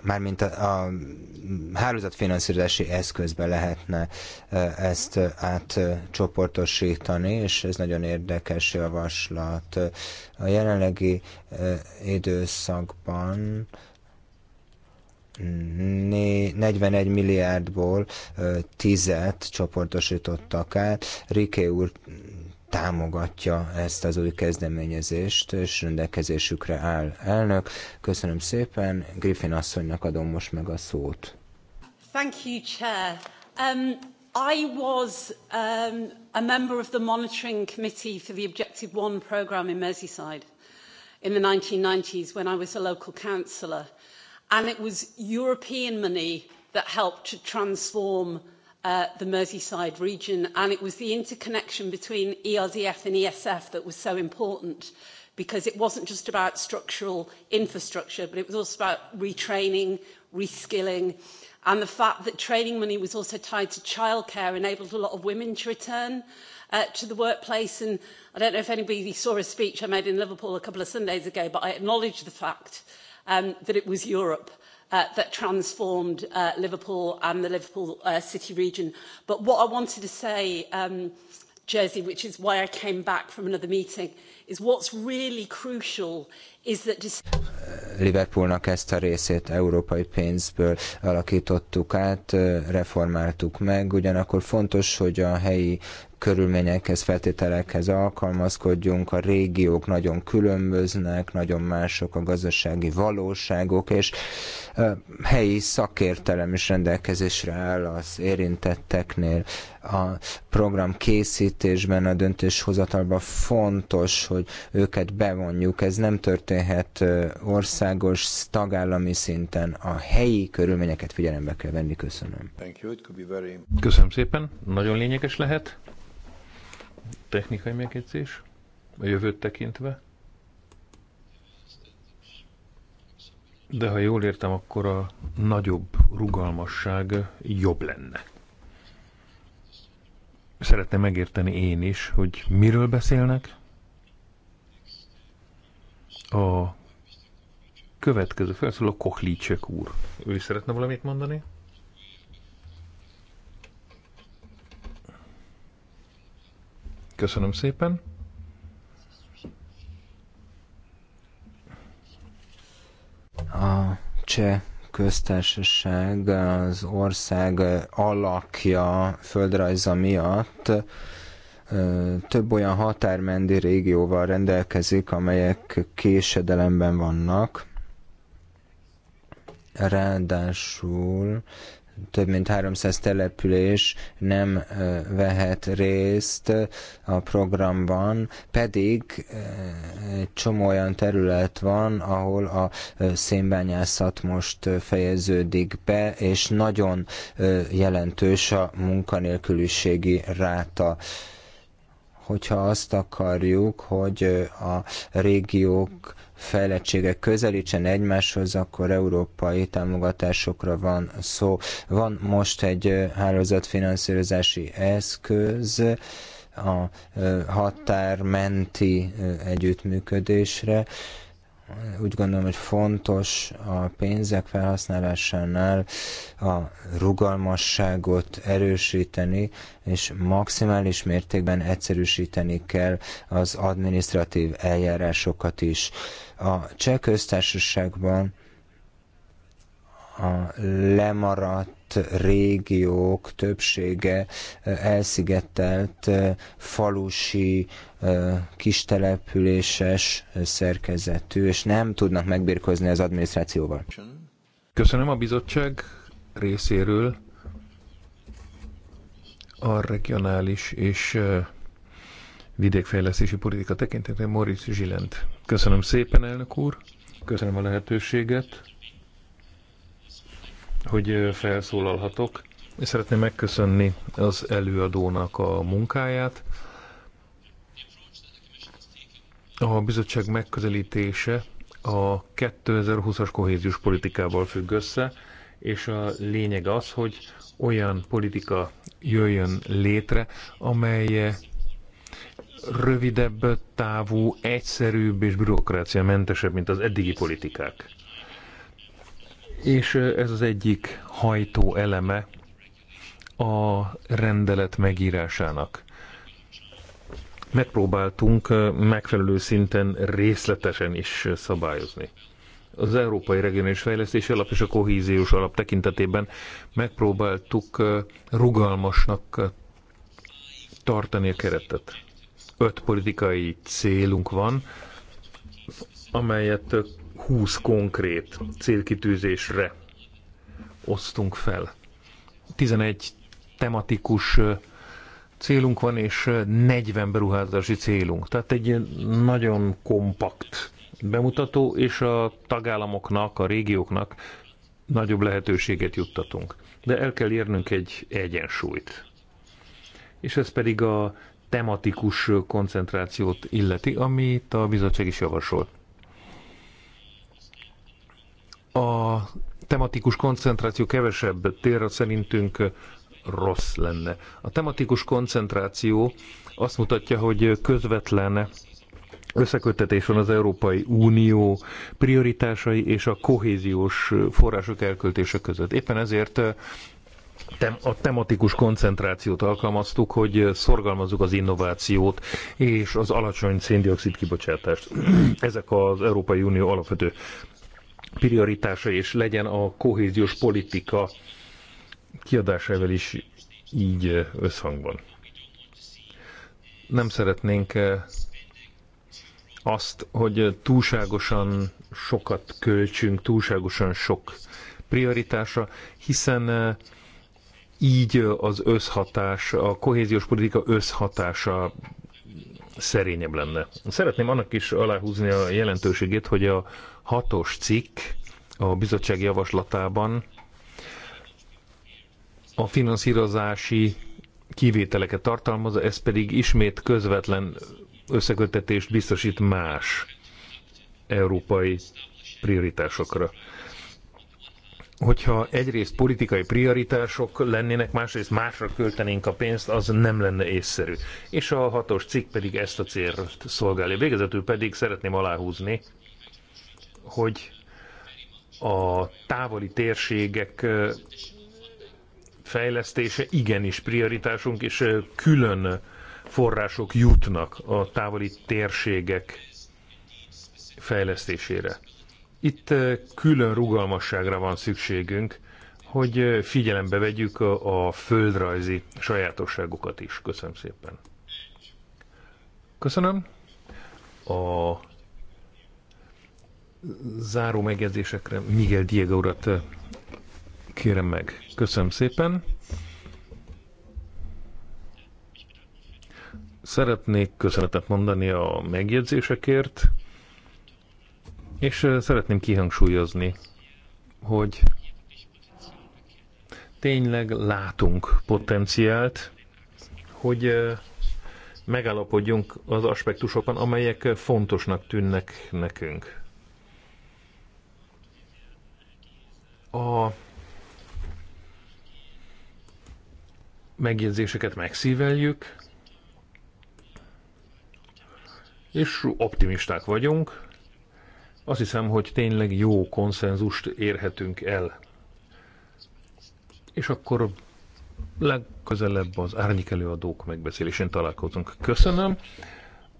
mármint a, a hálózatfinanszírozási eszközbe lehetne eh, ezt átcsoportosítani, és ez nagyon érdekes javaslat. A jelenlegi időszakban 41 milliárdból 10-et csoportosítottak át. Riké úr támogatja ezt az új kezdeményezést, és rendelkezésükre áll elnök. Köszönöm szépen, Griffin asszonynak adom most meg a szót. Thank you, Chair. Um, I was um, a member of the monitoring committee for the Objective One program in Merseyside in the 1990s when I was a local councillor and it was european money that helped to transform uh, the merseyside region and it was the interconnection between erdf and esf that was so important because it wasn't just about structural infrastructure but it was also about retraining reskilling and the fact that training money was also tied to childcare enabled a lot of women to return uh, to the workplace and i don't know if anybody saw a speech i made in liverpool a couple of sundays ago but i acknowledged the fact uh, um, that it was Europe uh, that transformed uh, Liverpool and the Liverpool uh, city region. But what I wanted to say, um, Jersey, which is why I came back from another meeting, is what's really crucial is that... Liverpoolnak ezt a részét európai pénzből alakítottuk át, reformáltuk meg, ugyanakkor fontos, hogy a helyi körülményekhez, feltételekhez alkalmazkodjunk, a régiók nagyon különböznek, nagyon mások a gazdasági valóságok, és helyi szakértelem is rendelkezésre áll az érintetteknél. A program készítésben, a döntéshozatalban fontos, hogy őket bevonjuk. Ez nem történhet országos, tagállami szinten. A helyi körülményeket figyelembe kell venni. Köszönöm. Köszönöm szépen, nagyon lényeges lehet technikai megjegyzés a jövőt tekintve. De ha jól értem, akkor a nagyobb rugalmasság jobb lenne. Szeretném megérteni én is, hogy miről beszélnek. A következő felszóló Kochlicsek úr. Ő is szeretne valamit mondani? Köszönöm szépen. A cseh köztársaság az ország alakja, földrajza miatt több olyan határmendi régióval rendelkezik, amelyek késedelemben vannak. Ráadásul több mint 300 település nem vehet részt a programban, pedig egy csomó olyan terület van, ahol a szénbányászat most fejeződik be, és nagyon jelentős a munkanélküliségi ráta hogyha azt akarjuk, hogy a régiók fejlettségek közelítsen egymáshoz, akkor európai támogatásokra van szó. Van most egy hálózatfinanszírozási eszköz, a határmenti együttműködésre úgy gondolom, hogy fontos a pénzek felhasználásánál a rugalmasságot erősíteni, és maximális mértékben egyszerűsíteni kell az administratív eljárásokat is. A cseh köztársaságban a lemaradt régiók többsége eh, elszigetelt eh, falusi, eh, kistelepüléses szerkezetű, és nem tudnak megbírkozni az adminisztrációval. Köszönöm a bizottság részéről a regionális és vidékfejlesztési politika tekintetében Moritz Zsilent. Köszönöm szépen, elnök úr, köszönöm a lehetőséget hogy felszólalhatok. És szeretném megköszönni az előadónak a munkáját. A bizottság megközelítése a 2020-as kohéziós politikával függ össze, és a lényeg az, hogy olyan politika jöjjön létre, amely rövidebb távú, egyszerűbb és bürokráciamentesebb, mint az eddigi politikák és ez az egyik hajtó eleme a rendelet megírásának. Megpróbáltunk megfelelő szinten részletesen is szabályozni. Az Európai Regionális Fejlesztési Alap és a Kohéziós Alap tekintetében megpróbáltuk rugalmasnak tartani a keretet. Öt politikai célunk van, amelyet 20 konkrét célkitűzésre osztunk fel. 11 tematikus célunk van, és 40 beruházási célunk. Tehát egy nagyon kompakt bemutató, és a tagállamoknak, a régióknak nagyobb lehetőséget juttatunk. De el kell érnünk egy egyensúlyt. És ez pedig a tematikus koncentrációt illeti, amit a bizottság is javasolt a tematikus koncentráció kevesebb térre szerintünk rossz lenne. A tematikus koncentráció azt mutatja, hogy közvetlen összeköttetés van az Európai Unió prioritásai és a kohéziós források elköltése között. Éppen ezért a tematikus koncentrációt alkalmaztuk, hogy szorgalmazzuk az innovációt és az alacsony széndiokszid kibocsátást. [clears throat] Ezek az Európai Unió alapvető prioritása, és legyen a kohéziós politika kiadásával is így összhangban. Nem szeretnénk eh, azt, hogy túlságosan sokat költsünk, túlságosan sok prioritása, hiszen eh, így az összhatás, a kohéziós politika összhatása szerényebb lenne. Szeretném annak is aláhúzni a jelentőségét, hogy a hatos cikk a bizottság javaslatában a finanszírozási kivételeket tartalmazza, ez pedig ismét közvetlen összekötetést biztosít más európai prioritásokra. Hogyha egyrészt politikai prioritások lennének, másrészt másra költenénk a pénzt, az nem lenne észszerű. És a hatos cikk pedig ezt a célt szolgálja. Végezetül pedig szeretném aláhúzni, hogy a távoli térségek fejlesztése igenis prioritásunk, és külön források jutnak a távoli térségek fejlesztésére. Itt külön rugalmasságra van szükségünk, hogy figyelembe vegyük a földrajzi sajátosságokat is. Köszönöm szépen. Köszönöm. A záró megjegyzésekre Miguel Diego urat kérem meg. Köszönöm szépen. Szeretnék köszönetet mondani a megjegyzésekért, és szeretném kihangsúlyozni, hogy tényleg látunk potenciált, hogy megállapodjunk az aspektusokon, amelyek fontosnak tűnnek nekünk. A megjegyzéseket megszíveljük, és optimisták vagyunk. Azt hiszem, hogy tényleg jó konszenzust érhetünk el. És akkor legközelebb az előadók megbeszélésén találkozunk. Köszönöm.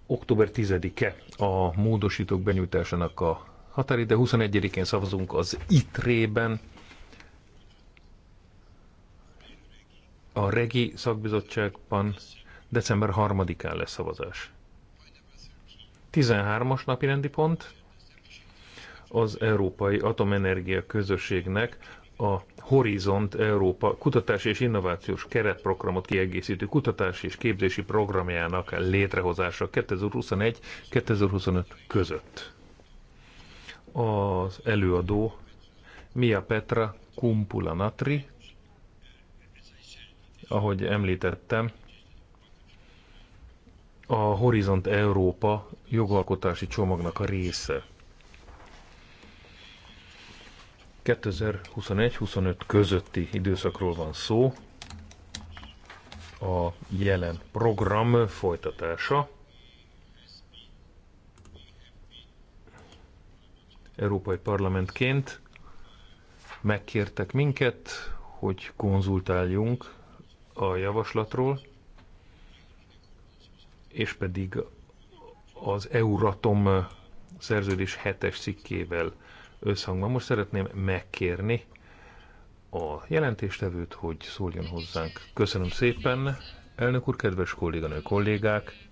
Október 10-e a módosítók benyújtásának a de 21-én szavazunk az ITRE-ben, a REGI szakbizottságban december 3-án lesz szavazás. 13-as napi rendi pont az Európai Atomenergia Közösségnek a Horizont Európa kutatási és innovációs keretprogramot kiegészítő kutatási és képzési programjának létrehozása 2021-2025 között az előadó Mia Petra Kumpula Natri, ahogy említettem, a Horizont Európa jogalkotási csomagnak a része. 2021-25 közötti időszakról van szó, a jelen program folytatása. Európai Parlamentként megkértek minket, hogy konzultáljunk a javaslatról, és pedig az Euratom szerződés hetes cikkével összhangban. Most szeretném megkérni a jelentéstevőt, hogy szóljon hozzánk. Köszönöm szépen, elnök úr, kedves kolléganő kollégák!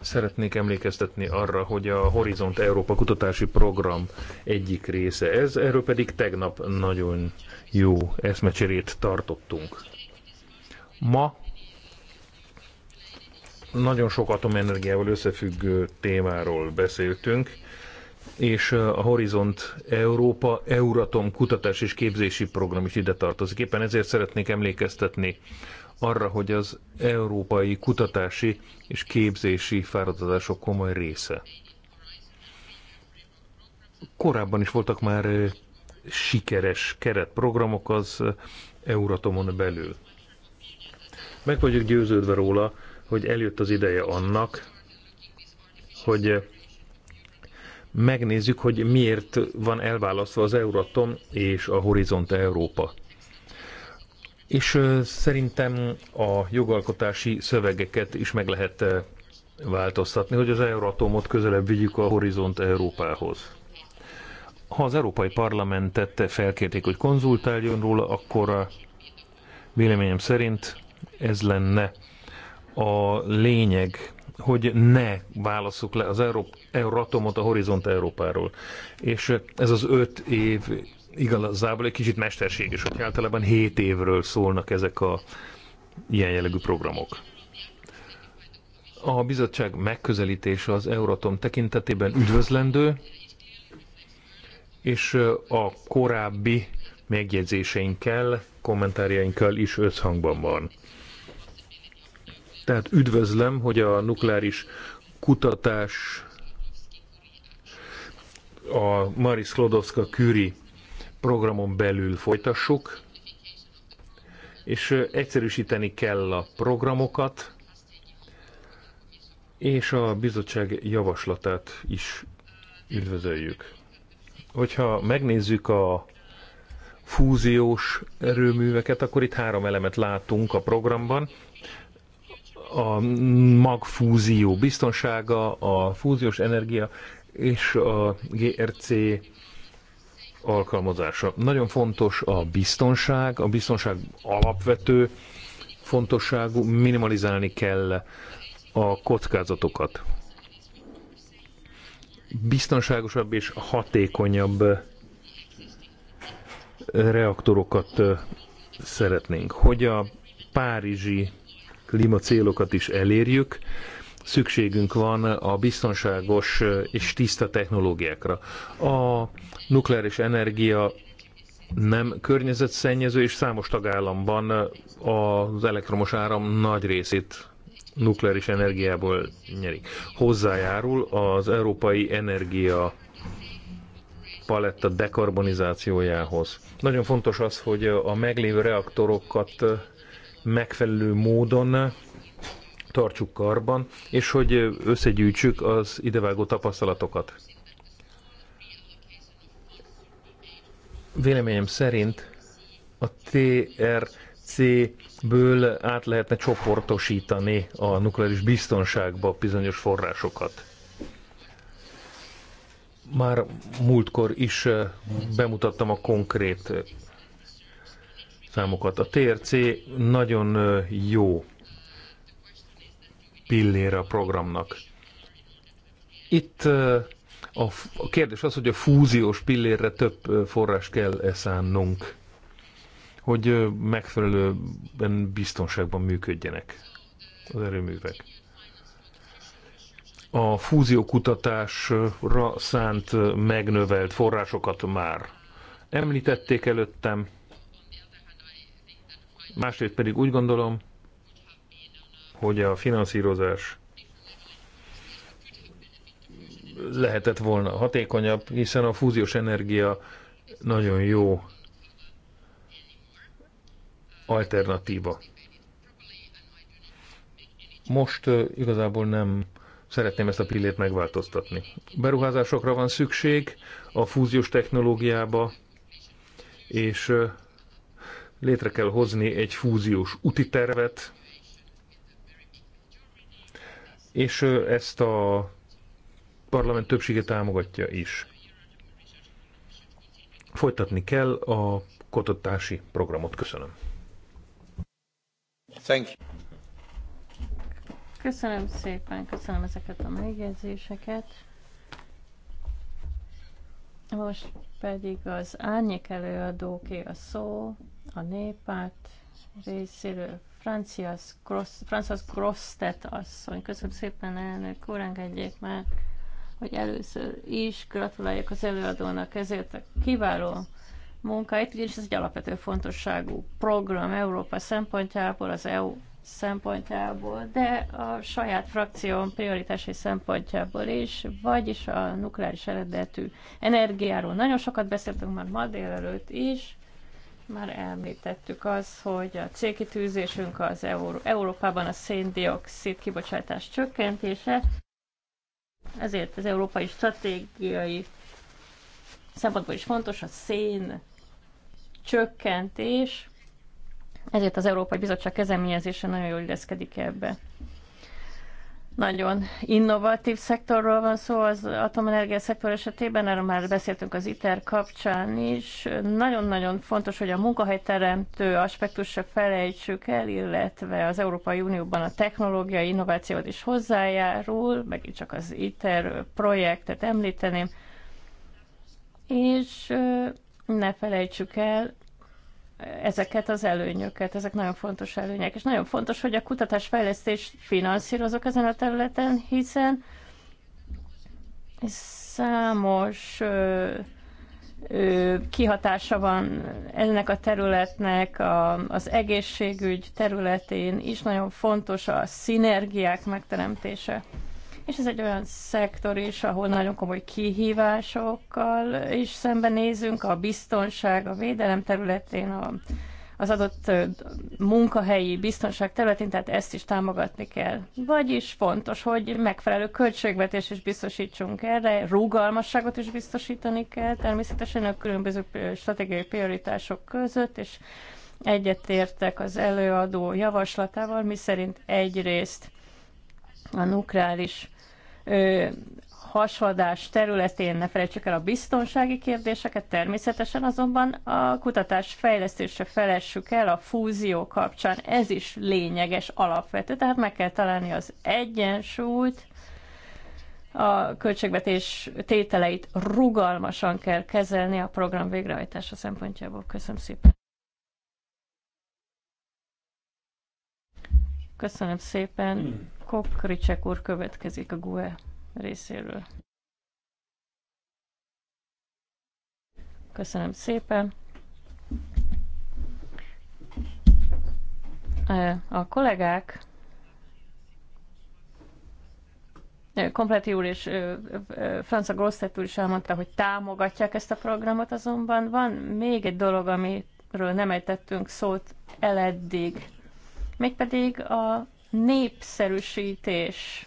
Szeretnék emlékeztetni arra, hogy a Horizont Európa kutatási program egyik része ez, erről pedig tegnap nagyon jó eszmecserét tartottunk. Ma nagyon sok atomenergiával összefüggő témáról beszéltünk, és a Horizont Európa Euratom kutatás és képzési program is ide tartozik. Éppen ezért szeretnék emlékeztetni arra, hogy az európai kutatási és képzési fáradozások komoly része. Korábban is voltak már sikeres keretprogramok az Euratomon belül. Meg vagyok győződve róla, hogy eljött az ideje annak, hogy megnézzük, hogy miért van elválasztva az Euratom és a Horizont Európa és szerintem a jogalkotási szövegeket is meg lehet változtatni, hogy az Euratomot közelebb vigyük a Horizont Európához. Ha az Európai Parlamentet felkérték, hogy konzultáljon róla, akkor véleményem szerint ez lenne a lényeg, hogy ne válaszuk le az Euró- Euratomot a Horizont Európáról. És ez az öt év igazából egy kicsit mesterséges, hogy általában 7 évről szólnak ezek a ilyen jellegű programok. A bizottság megközelítése az Euratom tekintetében üdvözlendő, és a korábbi megjegyzéseinkkel, kommentárjainkkal is összhangban van. Tehát üdvözlöm, hogy a nukleáris kutatás a Maris Klodowska Curie programon belül folytassuk, és egyszerűsíteni kell a programokat, és a bizottság javaslatát is üdvözöljük. Hogyha megnézzük a fúziós erőműveket, akkor itt három elemet látunk a programban. A magfúzió biztonsága, a fúziós energia és a GRC alkalmazása. Nagyon fontos a biztonság, a biztonság alapvető fontosságú, minimalizálni kell a kockázatokat. Biztonságosabb és hatékonyabb reaktorokat szeretnénk, hogy a párizsi klímacélokat is elérjük, szükségünk van a biztonságos és tiszta technológiákra. A nukleáris energia nem környezetszennyező, és számos tagállamban az elektromos áram nagy részét nukleáris energiából nyerik. Hozzájárul az európai energia paletta dekarbonizációjához. Nagyon fontos az, hogy a meglévő reaktorokat megfelelő módon tartsuk karban, és hogy összegyűjtsük az idevágó tapasztalatokat. Véleményem szerint a TRC-ből át lehetne csoportosítani a nukleáris biztonságba bizonyos forrásokat. Már múltkor is eh, bemutattam a konkrét számokat. A TRC nagyon eh, jó pillére a programnak. Itt a kérdés az, hogy a fúziós pillérre több forrás kell eszánnunk, hogy megfelelően biztonságban működjenek az erőművek. A fúziókutatásra szánt megnövelt forrásokat már említették előttem, másrészt pedig úgy gondolom, hogy a finanszírozás lehetett volna hatékonyabb, hiszen a fúziós energia nagyon jó alternatíva. Most igazából nem szeretném ezt a pillét megváltoztatni. Beruházásokra van szükség a fúziós technológiába, és létre kell hozni egy fúziós úti tervet, és ezt a parlament többsége támogatja is. Folytatni kell a kototási programot. Köszönöm. Thank you. Köszönöm szépen, köszönöm ezeket a megjegyzéseket. Most pedig az árnyék előadóké a szó, a népát részéről Francias Gross, Francis Grosztet asszony. Köszönöm szépen, elnök úr, engedjék meg, hogy először is gratuláljak az előadónak ezért a kiváló munkáit, ugyanis ez egy alapvető fontosságú program Európa szempontjából, az EU szempontjából, de a saját frakción prioritási szempontjából is, vagyis a nukleáris eredetű energiáról. Nagyon sokat beszéltünk már ma délelőtt is, már említettük az, hogy a célkitűzésünk az Euró- Európában a széndiokszid kibocsátás csökkentése, ezért az európai stratégiai szempontból is fontos a szén csökkentés, ezért az Európai Bizottság kezeményezése nagyon jól illeszkedik ebbe nagyon innovatív szektorról van szó az atomenergia szektor esetében, erről már beszéltünk az ITER kapcsán is. Nagyon-nagyon fontos, hogy a munkahelyteremtő aspektusra felejtsük el, illetve az Európai Unióban a technológiai innovációt is hozzájárul, megint csak az ITER projektet említeném, és ne felejtsük el, ezeket az előnyöket. Ezek nagyon fontos előnyek, és nagyon fontos, hogy a kutatásfejlesztést finanszírozok ezen a területen, hiszen számos ö, ö, kihatása van ennek a területnek, a, az egészségügy területén is nagyon fontos a szinergiák megteremtése és ez egy olyan szektor is, ahol nagyon komoly kihívásokkal is szembenézünk, a biztonság, a védelem területén, a, az adott munkahelyi biztonság területén, tehát ezt is támogatni kell. Vagyis fontos, hogy megfelelő költségvetés is biztosítsunk erre, rugalmasságot is biztosítani kell, természetesen a különböző stratégiai prioritások között, és egyetértek az előadó javaslatával, miszerint egyrészt a nukleáris hasadás területén ne felejtsük el a biztonsági kérdéseket, természetesen azonban a kutatás fejlesztésre felessük el a fúzió kapcsán. Ez is lényeges, alapvető, tehát meg kell találni az egyensúlyt, a költségvetés tételeit rugalmasan kell kezelni a program végrehajtása szempontjából. Köszönöm szépen. Köszönöm szépen. Kokricsek úr következik a GUE részéről. Köszönöm szépen. A kollégák Kompleti úr és Franca Grosztett úr is elmondta, hogy támogatják ezt a programot, azonban van még egy dolog, amiről nem ejtettünk szót eleddig, mégpedig a népszerűsítés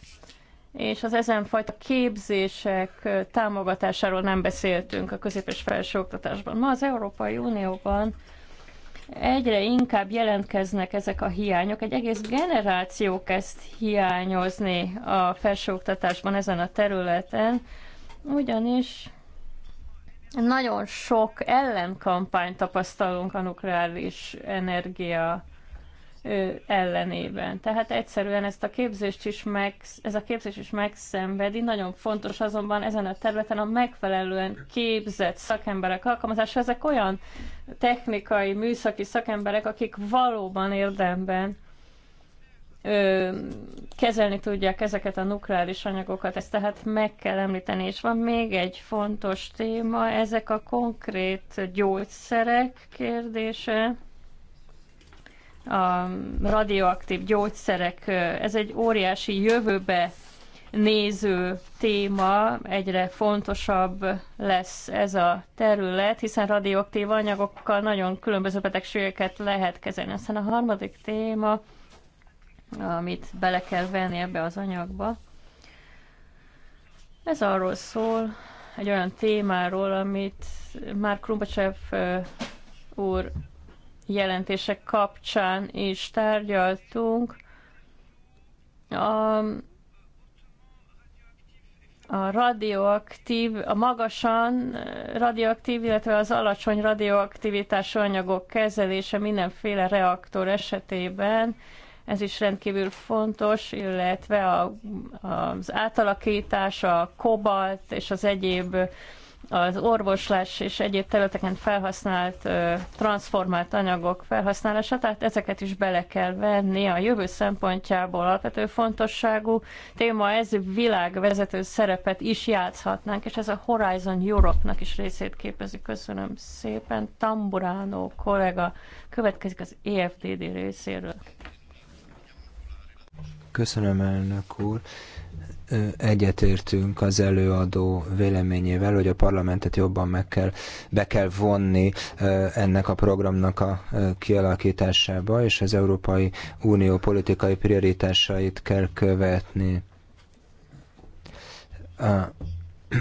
és az fajta képzések támogatásáról nem beszéltünk a közép- és felsőoktatásban. Ma az Európai Unióban egyre inkább jelentkeznek ezek a hiányok. Egy egész generáció kezd hiányozni a felsőoktatásban ezen a területen, ugyanis nagyon sok ellenkampányt tapasztalunk a nukleáris energia ellenében. Tehát egyszerűen ezt a képzést is meg, ez a képzés is megszenvedi. Nagyon fontos azonban ezen a területen a megfelelően képzett szakemberek alkalmazása. Ezek olyan technikai, műszaki szakemberek, akik valóban érdemben ö, kezelni tudják ezeket a nukleáris anyagokat, ezt tehát meg kell említeni. És van még egy fontos téma, ezek a konkrét gyógyszerek kérdése a radioaktív gyógyszerek, ez egy óriási jövőbe néző téma, egyre fontosabb lesz ez a terület, hiszen radioaktív anyagokkal nagyon különböző betegségeket lehet kezelni. Aztán a harmadik téma, amit bele kell venni ebbe az anyagba, ez arról szól, egy olyan témáról, amit már Krumpacsev úr jelentések kapcsán is tárgyaltunk. A, a radioaktív, a magasan radioaktív, illetve az alacsony radioaktivitású anyagok kezelése mindenféle reaktor esetében, ez is rendkívül fontos, illetve a, az átalakítás, a kobalt és az egyéb az orvoslás és egyéb területeken felhasznált transformált anyagok felhasználása, tehát ezeket is bele kell venni a jövő szempontjából alapvető fontosságú téma, ez világvezető szerepet is játszhatnánk, és ez a Horizon Europe-nak is részét képezi. Köszönöm szépen. Tamburánó kollega következik az EFDD részéről. Köszönöm, elnök úr egyetértünk az előadó véleményével, hogy a parlamentet jobban meg kell, be kell vonni ennek a programnak a kialakításába, és az Európai Unió politikai prioritásait kell követni.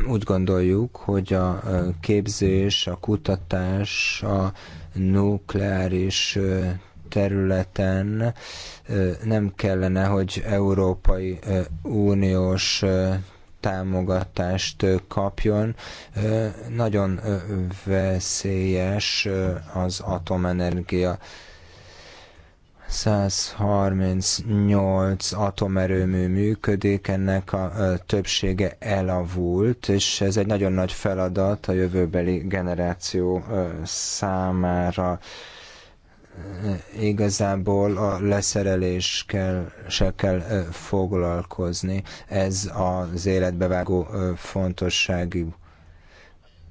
Úgy gondoljuk, hogy a képzés, a kutatás, a nukleáris területen nem kellene, hogy Európai Uniós támogatást kapjon. Nagyon veszélyes az atomenergia. 138 atomerőmű működik, ennek a többsége elavult, és ez egy nagyon nagy feladat a jövőbeli generáció számára igazából a kell foglalkozni. Ez az életbevágó fontosságú.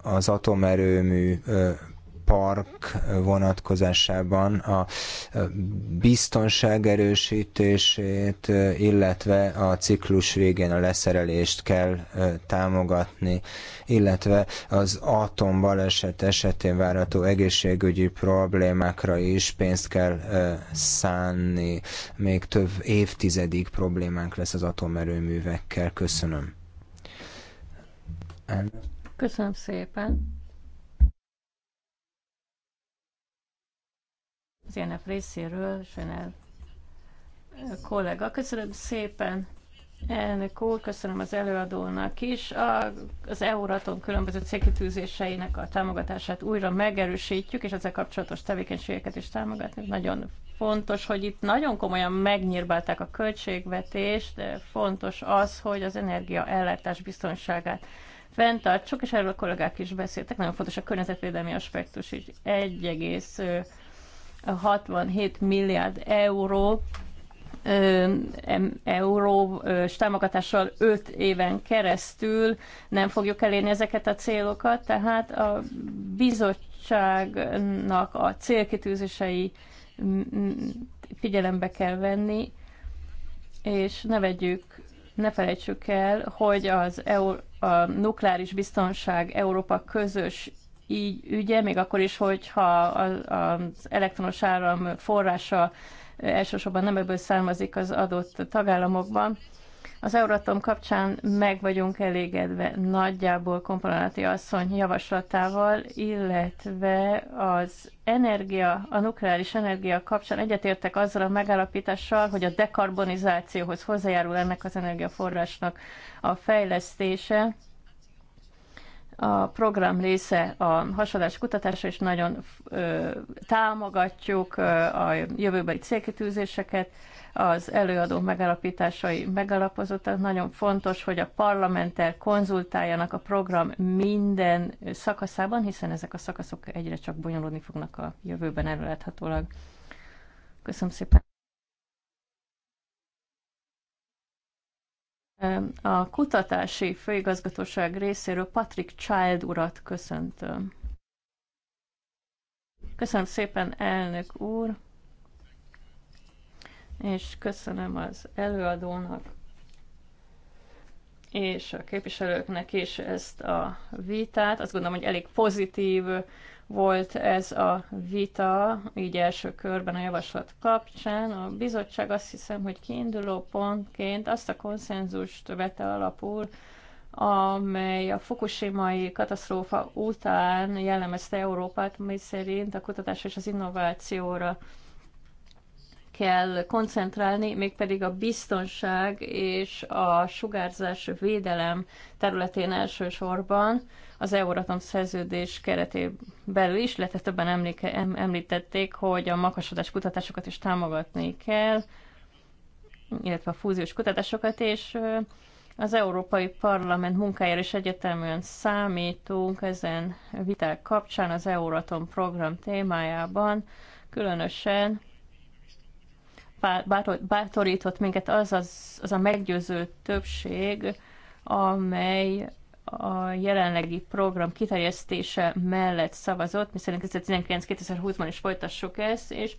Az atomerőmű park vonatkozásában a biztonság erősítését, illetve a ciklus végén a leszerelést kell támogatni, illetve az atombaleset esetén várható egészségügyi problémákra is pénzt kell szánni. Még több évtizedig problémánk lesz az atomerőművekkel. Köszönöm. Köszönöm szépen. az INF részéről, Sönel kollega. Köszönöm szépen, elnök úr, köszönöm az előadónak is. A, az Euratom különböző cégkitűzéseinek a támogatását újra megerősítjük, és ezzel kapcsolatos tevékenységeket is támogatni. Nagyon fontos, hogy itt nagyon komolyan megnyírbálták a költségvetést, de fontos az, hogy az energia ellátás biztonságát fenntartsuk, és erről a kollégák is beszéltek, nagyon fontos a környezetvédelmi aspektus is. 1, 67 milliárd euró euró támogatással 5 éven keresztül nem fogjuk elérni ezeket a célokat, tehát a bizottságnak a célkitűzései figyelembe kell venni, és ne vegyük, ne felejtsük el, hogy az EU, a nukleáris biztonság Európa közös így ügye, még akkor is, hogyha az elektronos áram forrása elsősorban nem ebből származik az adott tagállamokban. Az Euratom kapcsán meg vagyunk elégedve nagyjából komponálati asszony javaslatával, illetve az energia, a nukleáris energia kapcsán egyetértek azzal a megállapítással, hogy a dekarbonizációhoz hozzájárul ennek az energiaforrásnak a fejlesztése, a program része a hasonlás kutatása, is nagyon ö, támogatjuk ö, a jövőbeli célkitűzéseket, az előadó megalapításai megalapozottak. Nagyon fontos, hogy a parlamenter konzultáljanak a program minden szakaszában, hiszen ezek a szakaszok egyre csak bonyolódni fognak a jövőben előadhatólag. Köszönöm szépen! A kutatási főigazgatóság részéről Patrick Child urat köszöntöm. Köszönöm szépen, elnök úr, és köszönöm az előadónak és a képviselőknek is ezt a vitát. Azt gondolom, hogy elég pozitív volt ez a vita, így első körben a javaslat kapcsán. A bizottság azt hiszem, hogy kiinduló pontként azt a konszenzust vette alapul, amely a fukushimai katasztrófa után jellemezte Európát, mi szerint a kutatás és az innovációra kell koncentrálni, mégpedig a biztonság és a sugárzás védelem területén elsősorban az Euratom szerződés keretében belül is, illetve többen emléke, em, említették, hogy a makasodás kutatásokat is támogatni kell, illetve a fúziós kutatásokat, és az Európai Parlament munkájára is egyeteműen számítunk ezen viták kapcsán az Euratom program témájában, különösen bátorított minket az, az, az a meggyőző többség, amely a jelenlegi program kiterjesztése mellett szavazott, miszerint 2019-2020-ban is folytassuk ezt, és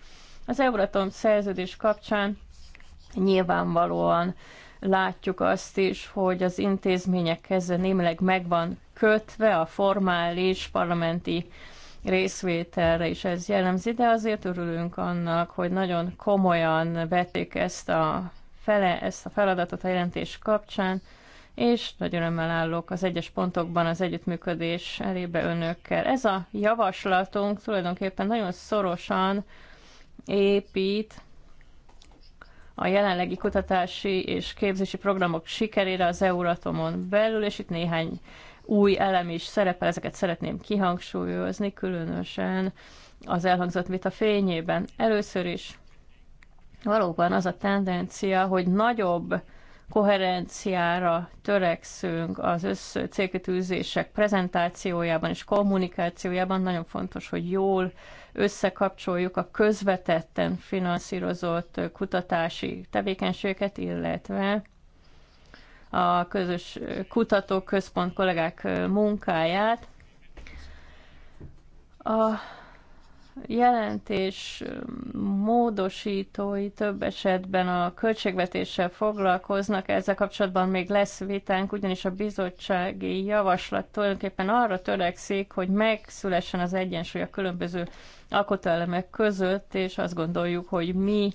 az Euratom szerződés kapcsán nyilvánvalóan látjuk azt is, hogy az intézményekhez némileg megvan kötve a formális parlamenti részvételre is ez jellemzi, de azért örülünk annak, hogy nagyon komolyan vették ezt a, fele, ezt a feladatot a jelentés kapcsán, és nagy örömmel állok az egyes pontokban az együttműködés elébe önökkel. Ez a javaslatunk tulajdonképpen nagyon szorosan épít a jelenlegi kutatási és képzési programok sikerére az Euratomon belül, és itt néhány új elem is szerepel, ezeket szeretném kihangsúlyozni, különösen az elhangzott vita fényében. Először is valóban az a tendencia, hogy nagyobb koherenciára törekszünk az össz prezentációjában és kommunikációjában. Nagyon fontos, hogy jól összekapcsoljuk a közvetetten finanszírozott kutatási tevékenységeket, illetve a közös kutatóközpont kollégák munkáját. A jelentés módosítói több esetben a költségvetéssel foglalkoznak, ezzel kapcsolatban még lesz vitánk, ugyanis a bizottsági javaslat tulajdonképpen arra törekszik, hogy megszülessen az egyensúly a különböző alkotóelemek között, és azt gondoljuk, hogy mi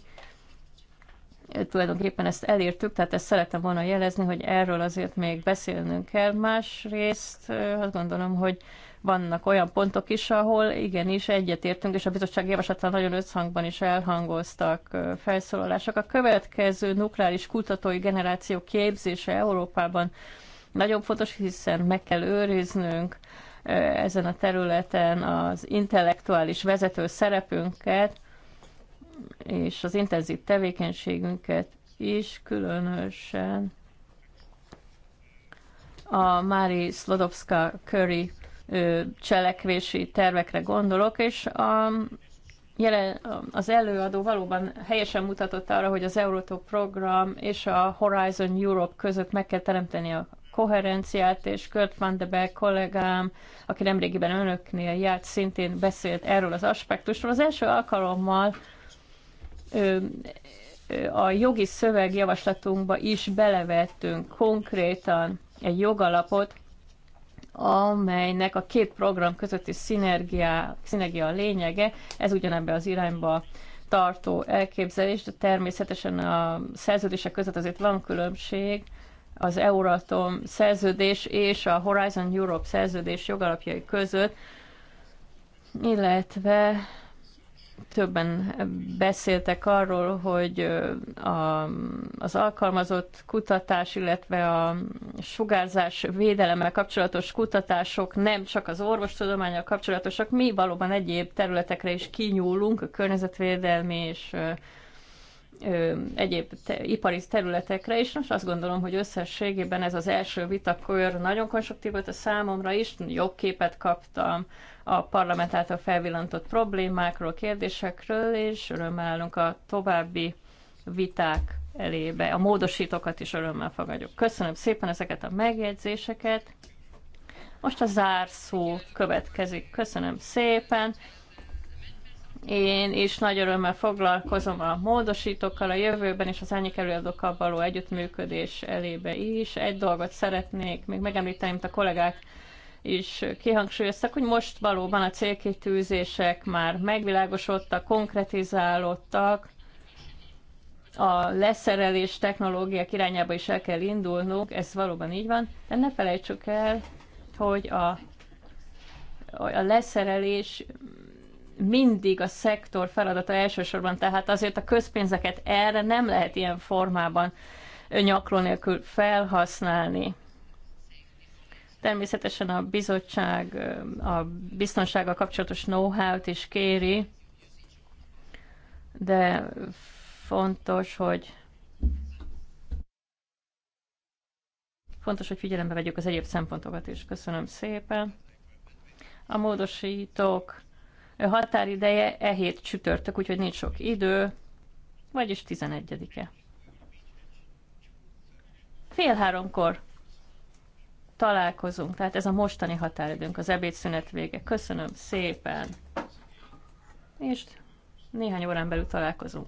tulajdonképpen ezt elértük, tehát ezt szeretem volna jelezni, hogy erről azért még beszélnünk kell. Másrészt azt gondolom, hogy vannak olyan pontok is, ahol igenis egyetértünk, és a bizottság javaslatán nagyon összhangban is elhangoztak felszólalások. A következő nukleáris kutatói generáció képzése Európában nagyon fontos, hiszen meg kell őriznünk ezen a területen az intellektuális vezető szerepünket, és az intenzív tevékenységünket is, különösen a Mári Slodowska Curry cselekvési tervekre gondolok, és a, jelen, az előadó valóban helyesen mutatott arra, hogy az Euróto program és a Horizon Europe között meg kell teremteni a koherenciát, és Kurt van de Beek kollégám, aki nemrégiben önöknél járt, szintén beszélt erről az aspektusról. Az első alkalommal a jogi szövegjavaslatunkba is belevettünk konkrétan egy jogalapot, amelynek a két program közötti szinergia, szinergia a lényege, ez ugyanebbe az irányba tartó elképzelés, de természetesen a szerződések között azért van különbség, az Euratom szerződés és a Horizon Europe szerződés jogalapjai között, illetve többen beszéltek arról, hogy a, az alkalmazott kutatás, illetve a sugárzás védelemmel kapcsolatos kutatások nem csak az orvostudományal kapcsolatosak, mi valóban egyéb területekre is kinyúlunk, a környezetvédelmi és egyéb te, ipari területekre is. Most azt gondolom, hogy összességében ez az első vitakör nagyon konstruktív volt a számomra is, jobb képet kaptam a parlament által felvillantott problémákról, kérdésekről, és örömmel állunk a további viták elébe. A módosítókat is örömmel fogadjuk. Köszönöm szépen ezeket a megjegyzéseket. Most a zárszó következik. Köszönöm szépen. Én is nagy örömmel foglalkozom a módosítókkal a jövőben, és az árnyék előadókkal való együttműködés elébe is. Egy dolgot szeretnék még megemlíteni, mint a kollégák is kihangsúlyoztak, hogy most valóban a célkitűzések már megvilágosodtak, konkretizálódtak, a leszerelés technológiák irányába is el kell indulnunk, ez valóban így van, de ne felejtsük el, hogy a, a leszerelés mindig a szektor feladata elsősorban, tehát azért a közpénzeket erre nem lehet ilyen formában nyakló nélkül felhasználni. Természetesen a bizottság a biztonsága kapcsolatos know-how-t is kéri, de fontos, hogy fontos, hogy figyelembe vegyük az egyéb szempontokat is. Köszönöm szépen. A módosítók határideje e hét csütörtök, úgyhogy nincs sok idő, vagyis 11-e. Fél háromkor találkozunk. Tehát ez a mostani határidőnk, az ebédszünet vége. Köszönöm szépen! És néhány órán belül találkozunk.